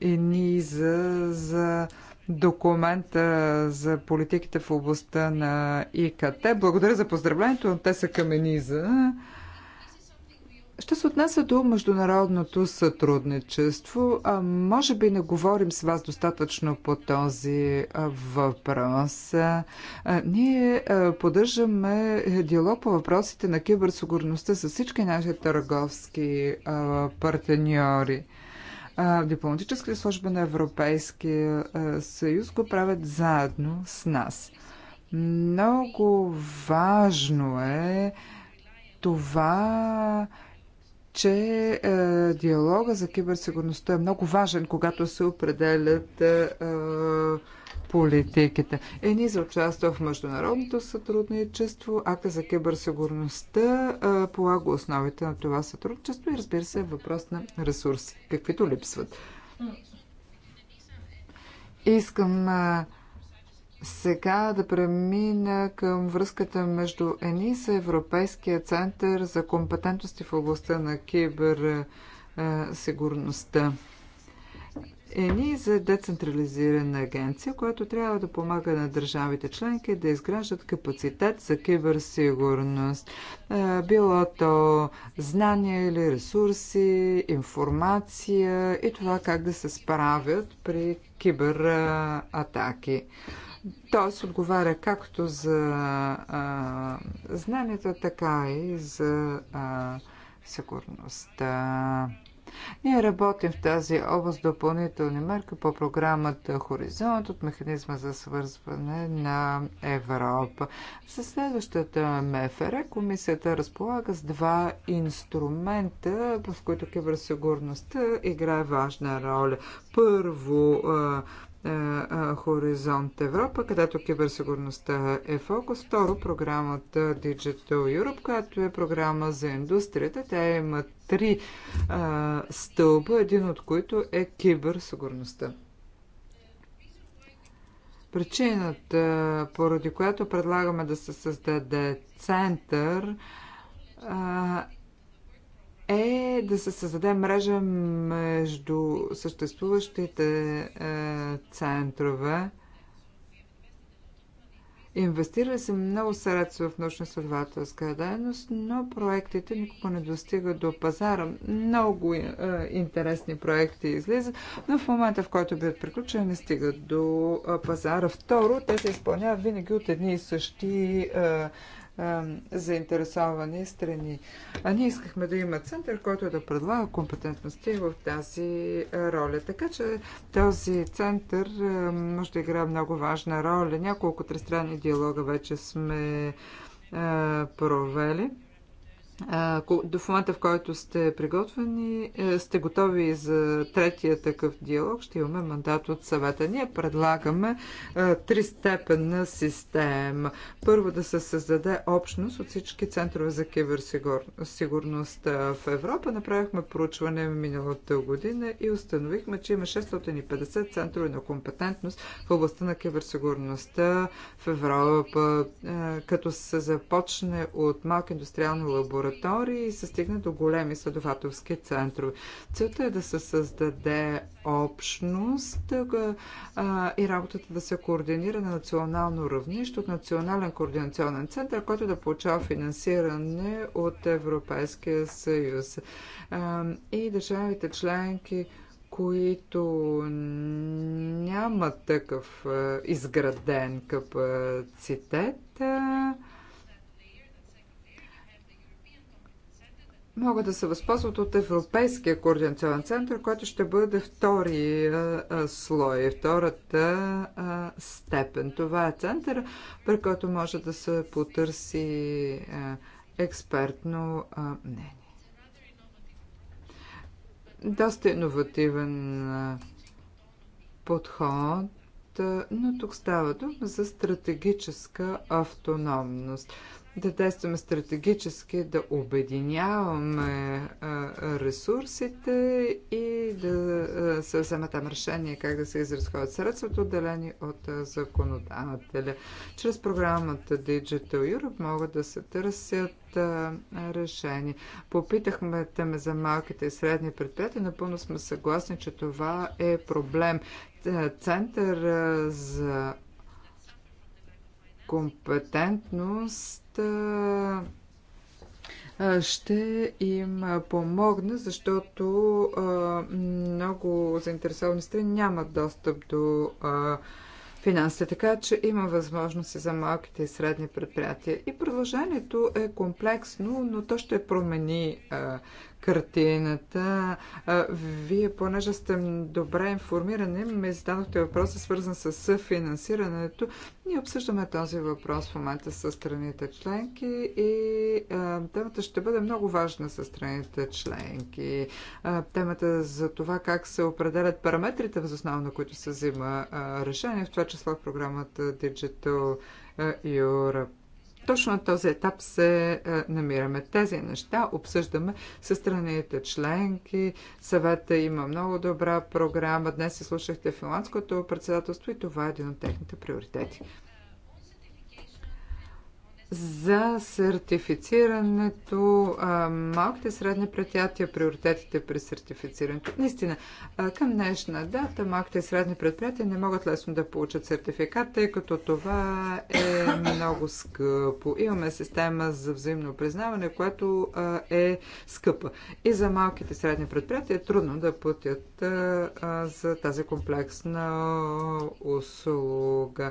и ни за, за документа за политиките в областта на ИКТ. Благодаря за поздравлението, но те са към Ениза. Ще се отнася до международното сътрудничество. А, може би не говорим с вас достатъчно по този въпрос. А, ние а, поддържаме диалог по въпросите на киберсигурността с всички наши търговски а, партньори. Дипломатическите служби на Европейския съюз го правят заедно с нас. Много важно е това че е, диалога за киберсигурността е много важен, когато се определят е, политиките. Ени за участие в международното сътрудничество, акта за киберсигурността е, полага основите на това сътрудничество и разбира се е въпрос на ресурси, каквито липсват. Искам е, сега да премина към връзката между ЕНИС и Европейския център за компетентности в областта на киберсигурността. Енис за е децентрализирана агенция, която трябва да помага на държавите членки да изграждат капацитет за киберсигурност. Било то знания или ресурси, информация и това как да се справят при кибератаки се отговаря както за а, знанията, така и за а, сигурността. Ние работим в тази област допълнителни мерки по програмата Хоризонт от механизма за свързване на Европа. За следващата МФР комисията разполага с два инструмента, в които киберсигурността играе важна роля. Първо, Хоризонт Европа, където киберсигурността е фокус. Второ, програмата Digital Europe, която е програма за индустрията. Тя има три а, стълба, един от които е киберсигурността. Причината, поради която предлагаме да се създаде център, а, е да се създаде мрежа между съществуващите е, центрове. Инвестира се много средства в научно-следователска дейност, но проектите никога не достигат до пазара. Много е, интересни проекти излизат, но в момента, в който биват приключени, не стигат до е, пазара. Второ, те се изпълняват винаги от едни и същи е, заинтересовани страни. А ние искахме да има център, който да предлага компетентности в тази роля. Така че този център може да играе много важна роля. Няколко тристранни диалога вече сме провели до в момента, в който сте приготвени, е, сте готови за третия такъв диалог, ще имаме мандат от съвета. Ние предлагаме е, три тристепенна система. Първо да се създаде общност от всички центрове за киберсигурност е, в Европа. Направихме проучване в миналата година и установихме, че има 650 центрове на компетентност в областта на киберсигурността в Европа, като се започне от малки индустриални лаборатории лаборатории и се стигне до големи следователски центрове. Целта е да се създаде общност и работата да се координира на национално равнище от Национален координационен център, който да получава финансиране от Европейския съюз. и държавите членки които нямат такъв изграден капацитет, могат да се възползват от Европейския координационен център, който ще бъде втори слой, втората степен. Това е център, при който може да се потърси експертно мнение. Доста иновативен подход, но тук става дума за стратегическа автономност да действаме стратегически, да обединяваме ресурсите и да се вземе там решение как да се изразходят средствата, отделени от законодателя. Чрез програмата Digital Europe могат да се търсят решения. Попитахме теме за малките и средни предприятия. Напълно сме съгласни, че това е проблем. Център за компетентност ще им помогне, защото много заинтересовани страни нямат достъп до финансите, така че има възможности за малките и средни предприятия. И продължението е комплексно, но то ще промени картината. Вие, понеже сте добре информирани, ме зададохте въпроса, свързан с финансирането. Ние обсъждаме този въпрос в момента с страните членки и темата ще бъде много важна с страните членки. Темата за това как се определят параметрите, въз основа на които се взима решение, в това число в програмата Digital Europe. Точно на този етап се е, намираме. Тези неща обсъждаме с страните членки. Съвета има много добра програма. Днес изслушахте слушахте финландското председателство и това е един от техните приоритети за сертифицирането, а, малките и средни предприятия, приоритетите при сертифицирането. Наистина, а, към днешна дата малките и средни предприятия не могат лесно да получат сертификат, тъй като това е много скъпо. Имаме система за взаимно признаване, което а, е скъпа. И за малките и средни предприятия е трудно да платят за тази комплексна услуга.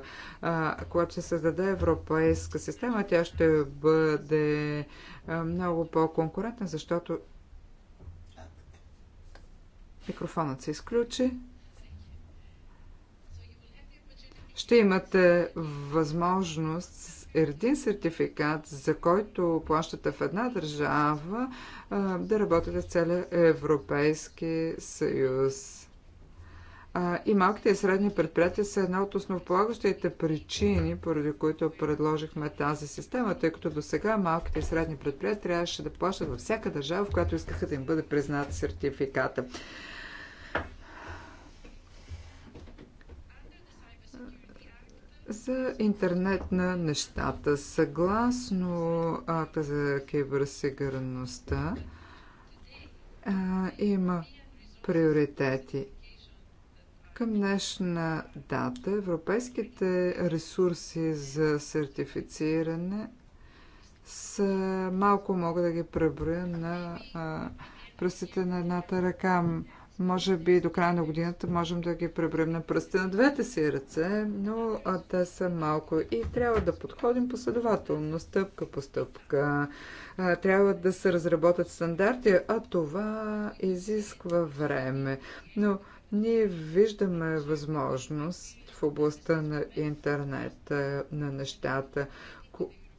Когато се създаде европейска система, тя ще бъде много по-конкурентна, защото микрофонът се изключи. Ще имате възможност с един сертификат, за който плащате в една държава, да работите в целия Европейски съюз. И малките и средни предприятия са една от основополагащите причини, поради които предложихме тази система, тъй като до сега малките и средни предприятия трябваше да плащат във всяка държава, в която искаха да им бъде признат сертификата. за интернет на нещата. Съгласно акта за киберсигурността има приоритети. Към днешна дата европейските ресурси за сертифициране са малко мога да ги преброя на а, пръстите на едната ръка. Може би до края на годината можем да ги преброим на пръстите на двете си ръце, но а, те са малко и трябва да подходим последователно, стъпка по стъпка. А, трябва да се разработят стандарти, а това изисква време. Но ние виждаме възможност в областта на интернет на нещата.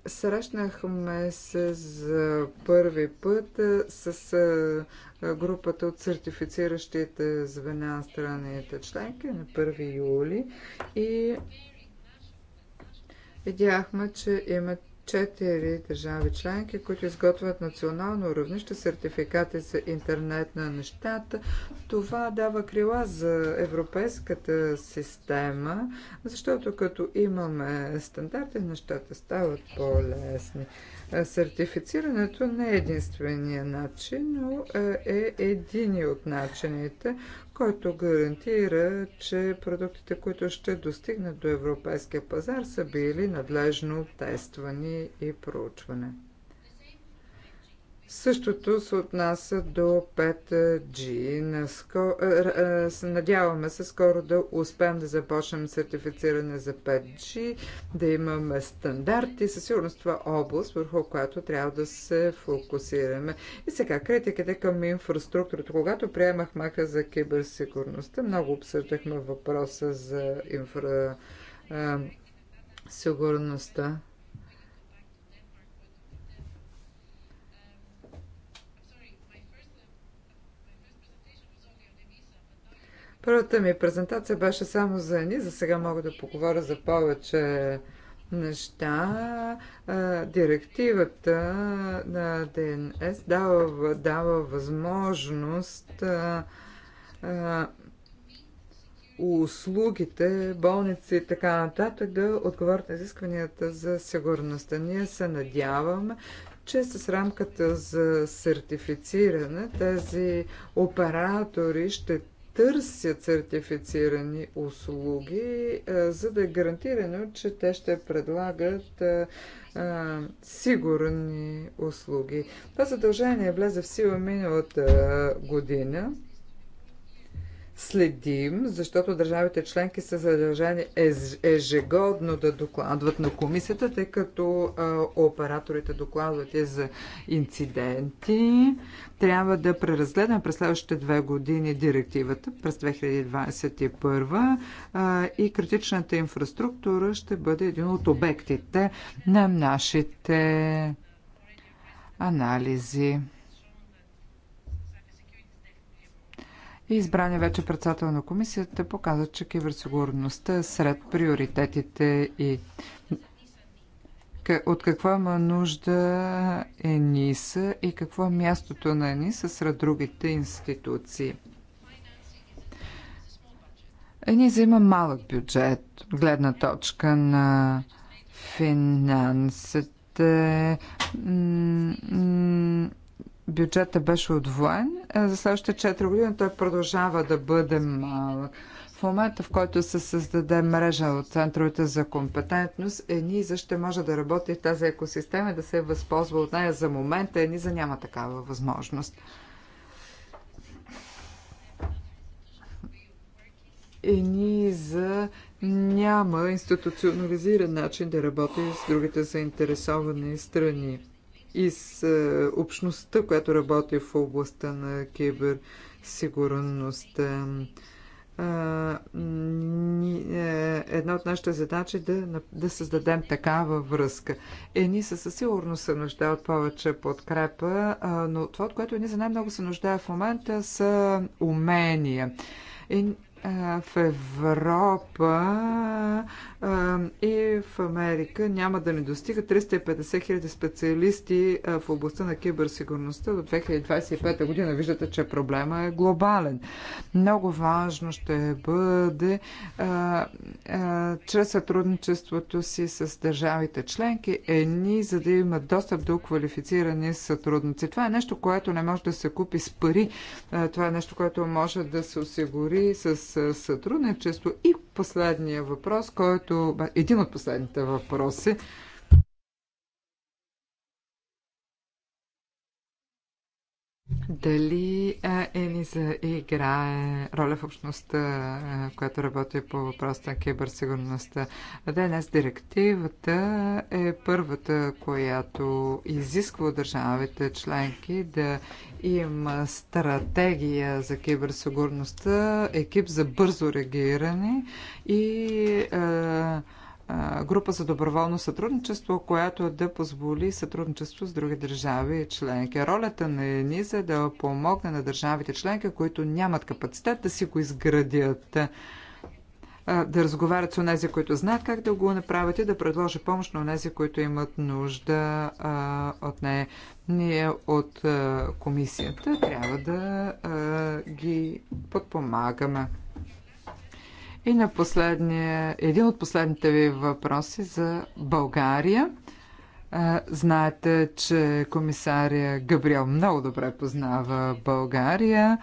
Срещнахме се за първи път с групата от сертифициращите звена на страните членки на 1 юли и видяхме, че имат четири държави членки, които изготвят национално равнище сертификати за интернет на нещата. Това дава крила за европейската система, защото като имаме стандарти, нещата стават по-лесни. Сертифицирането не е единствения начин, но е, е един от начините, който гарантира, че продуктите, които ще достигнат до европейския пазар, са били надлежно тествани и проучване. Същото се отнася до 5G. Е, е, надяваме се скоро да успеем да започнем сертифициране за 5G, да имаме стандарти. Със сигурност това е област, върху която трябва да се фокусираме. И сега критиката към инфраструктурата. Когато приемахме маха за киберсигурността, много обсъждахме въпроса за инфра... сигурността. Първата ми презентация беше само за едни, за сега мога да поговоря за повече неща. Директивата на ДНС дава, дава възможност услугите, болници и така нататък да отговорят на изискванията за сигурността. Ние се надяваме, че с рамката за сертифициране тези оператори ще търсят сертифицирани услуги, е, за да е гарантирано, че те ще предлагат е, е, сигурни услуги. Това задължение влезе в сила миналата година следим, защото държавите членки са задължени ежегодно да докладват на комисията, тъй като а, операторите докладват и за инциденти. Трябва да преразгледаме през следващите две години директивата през 2021 а, и критичната инфраструктура ще бъде един от обектите на нашите анализи. и избрания вече председател на комисията показа, че киберсигурността е сред приоритетите и от какво има нужда ЕНИСА и какво е мястото на ЕНИСА сред другите институции. ЕНИСА има малък бюджет, гледна точка на финансите бюджета беше отвоен, е, за следващите 4 години той продължава да бъде малък. В момента, в който се създаде мрежа от центровете за компетентност, ЕНИЗА ще може да работи в тази екосистема и да се възползва от нея. За момента ЕНИЗА няма такава възможност. ЕНИЗА няма институционализиран начин да работи с другите заинтересовани страни и с е, общността, която работи в областта на киберсигурността. Е, една от нашите задачи е да, да създадем такава връзка. Едни са със сигурност се нужда от повече подкрепа, но това, от което едни за най-много се нуждае в момента, са умения. И в Европа и в Америка няма да ни достига 350 хиляди специалисти в областта на киберсигурността до 2025 година. Виждате, че проблема е глобален. Много важно ще бъде чрез сътрудничеството си с държавите членки е ни, за да имат достъп до квалифицирани сътрудници. Това е нещо, което не може да се купи с пари. Това е нещо, което може да се осигури с сътрудничество. И последния въпрос, който един от последните въпроси, Дали Ениза играе роля в общността, която работи по въпроса на киберсигурността? Днес директивата е първата, която изисква от държавите членки да има стратегия за киберсигурността, екип за бързо реагиране и е, група за доброволно сътрудничество, която да позволи сътрудничество с други държави и членки. Ролята на ЕНИЗА е да помогне на държавите членки, които нямат капацитет да си го изградят да разговарят с онези, които знаят как да го направят и да предложи помощ на онези, които имат нужда от нея. Ние от комисията трябва да ги подпомагаме. И на последния, един от последните ви въпроси за България. Знаете, че комисария Габриел много добре познава България.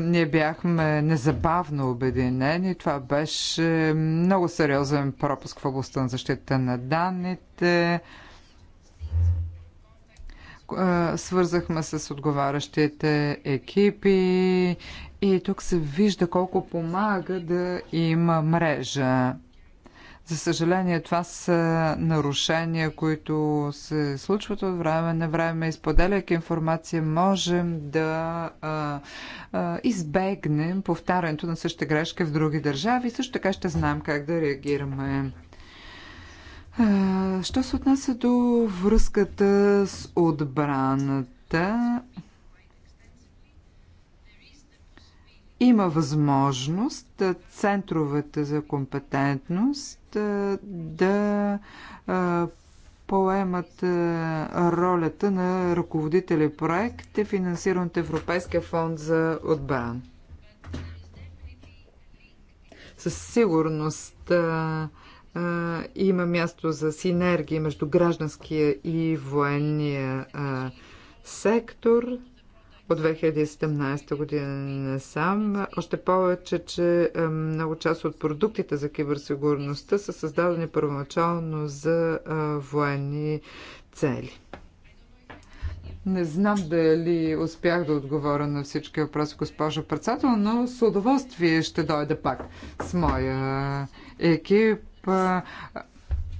Ние бяхме незабавно обединени. Това беше много сериозен пропуск в областта на защита на данните свързахме с отговарящите екипи и тук се вижда колко помага да има мрежа. За съжаление, това са нарушения, които се случват от време на време. Изподеляйки информация, можем да а, а, избегнем повтарянето на същите грешки в други държави. Също така ще знаем как да реагираме. Що се отнася до връзката с отбраната, има възможност центровете за компетентност да, поемат ролята на ръководители проект, финансиран от Европейския фонд за отбрана. Със сигурност има място за синергия между гражданския и военния сектор от 2017 година не сам. Още повече, че много част от продуктите за киберсигурността са създадени първоначално за военни цели. Не знам дали успях да отговоря на всички въпроси, госпожо председател, но с удоволствие ще дойда пак с моя екип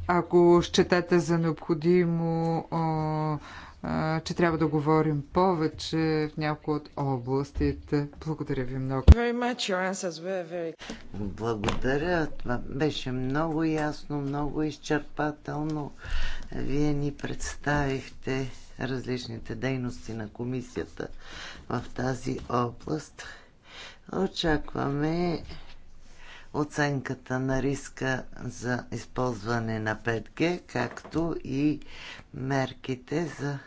ако счетете за необходимо, че трябва да говорим повече в някои от областите. Благодаря ви много. Благодаря. Това беше много ясно, много изчерпателно. Вие ни представихте различните дейности на комисията в тази област. Очакваме оценката на риска за използване на 5G, както и мерките за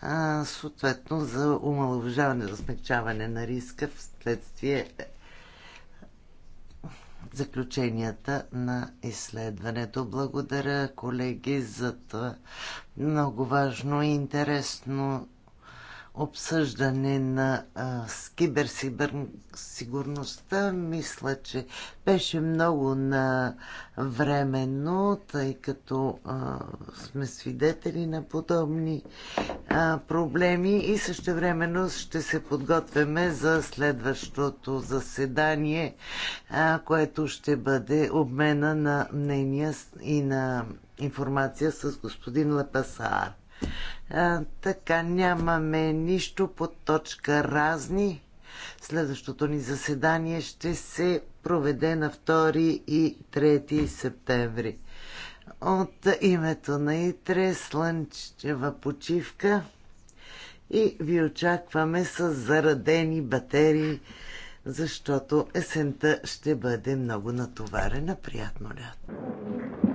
а, съответно за умалъвжаване, за смягчаване на риска вследствие заключенията на изследването. Благодаря, колеги, за това много важно и интересно обсъждане на киберсигурността. Мисля, че беше много навременно, тъй като а, сме свидетели на подобни а, проблеми и времено ще се подготвяме за следващото заседание, а, което ще бъде обмена на мнения и на информация с господин Лепасар. А, така, нямаме нищо под точка разни. Следващото ни заседание ще се проведе на 2 и 3 септември. От името на Итре слънчева почивка и ви очакваме с зарадени батерии, защото есента ще бъде много натоварена. Приятно лято!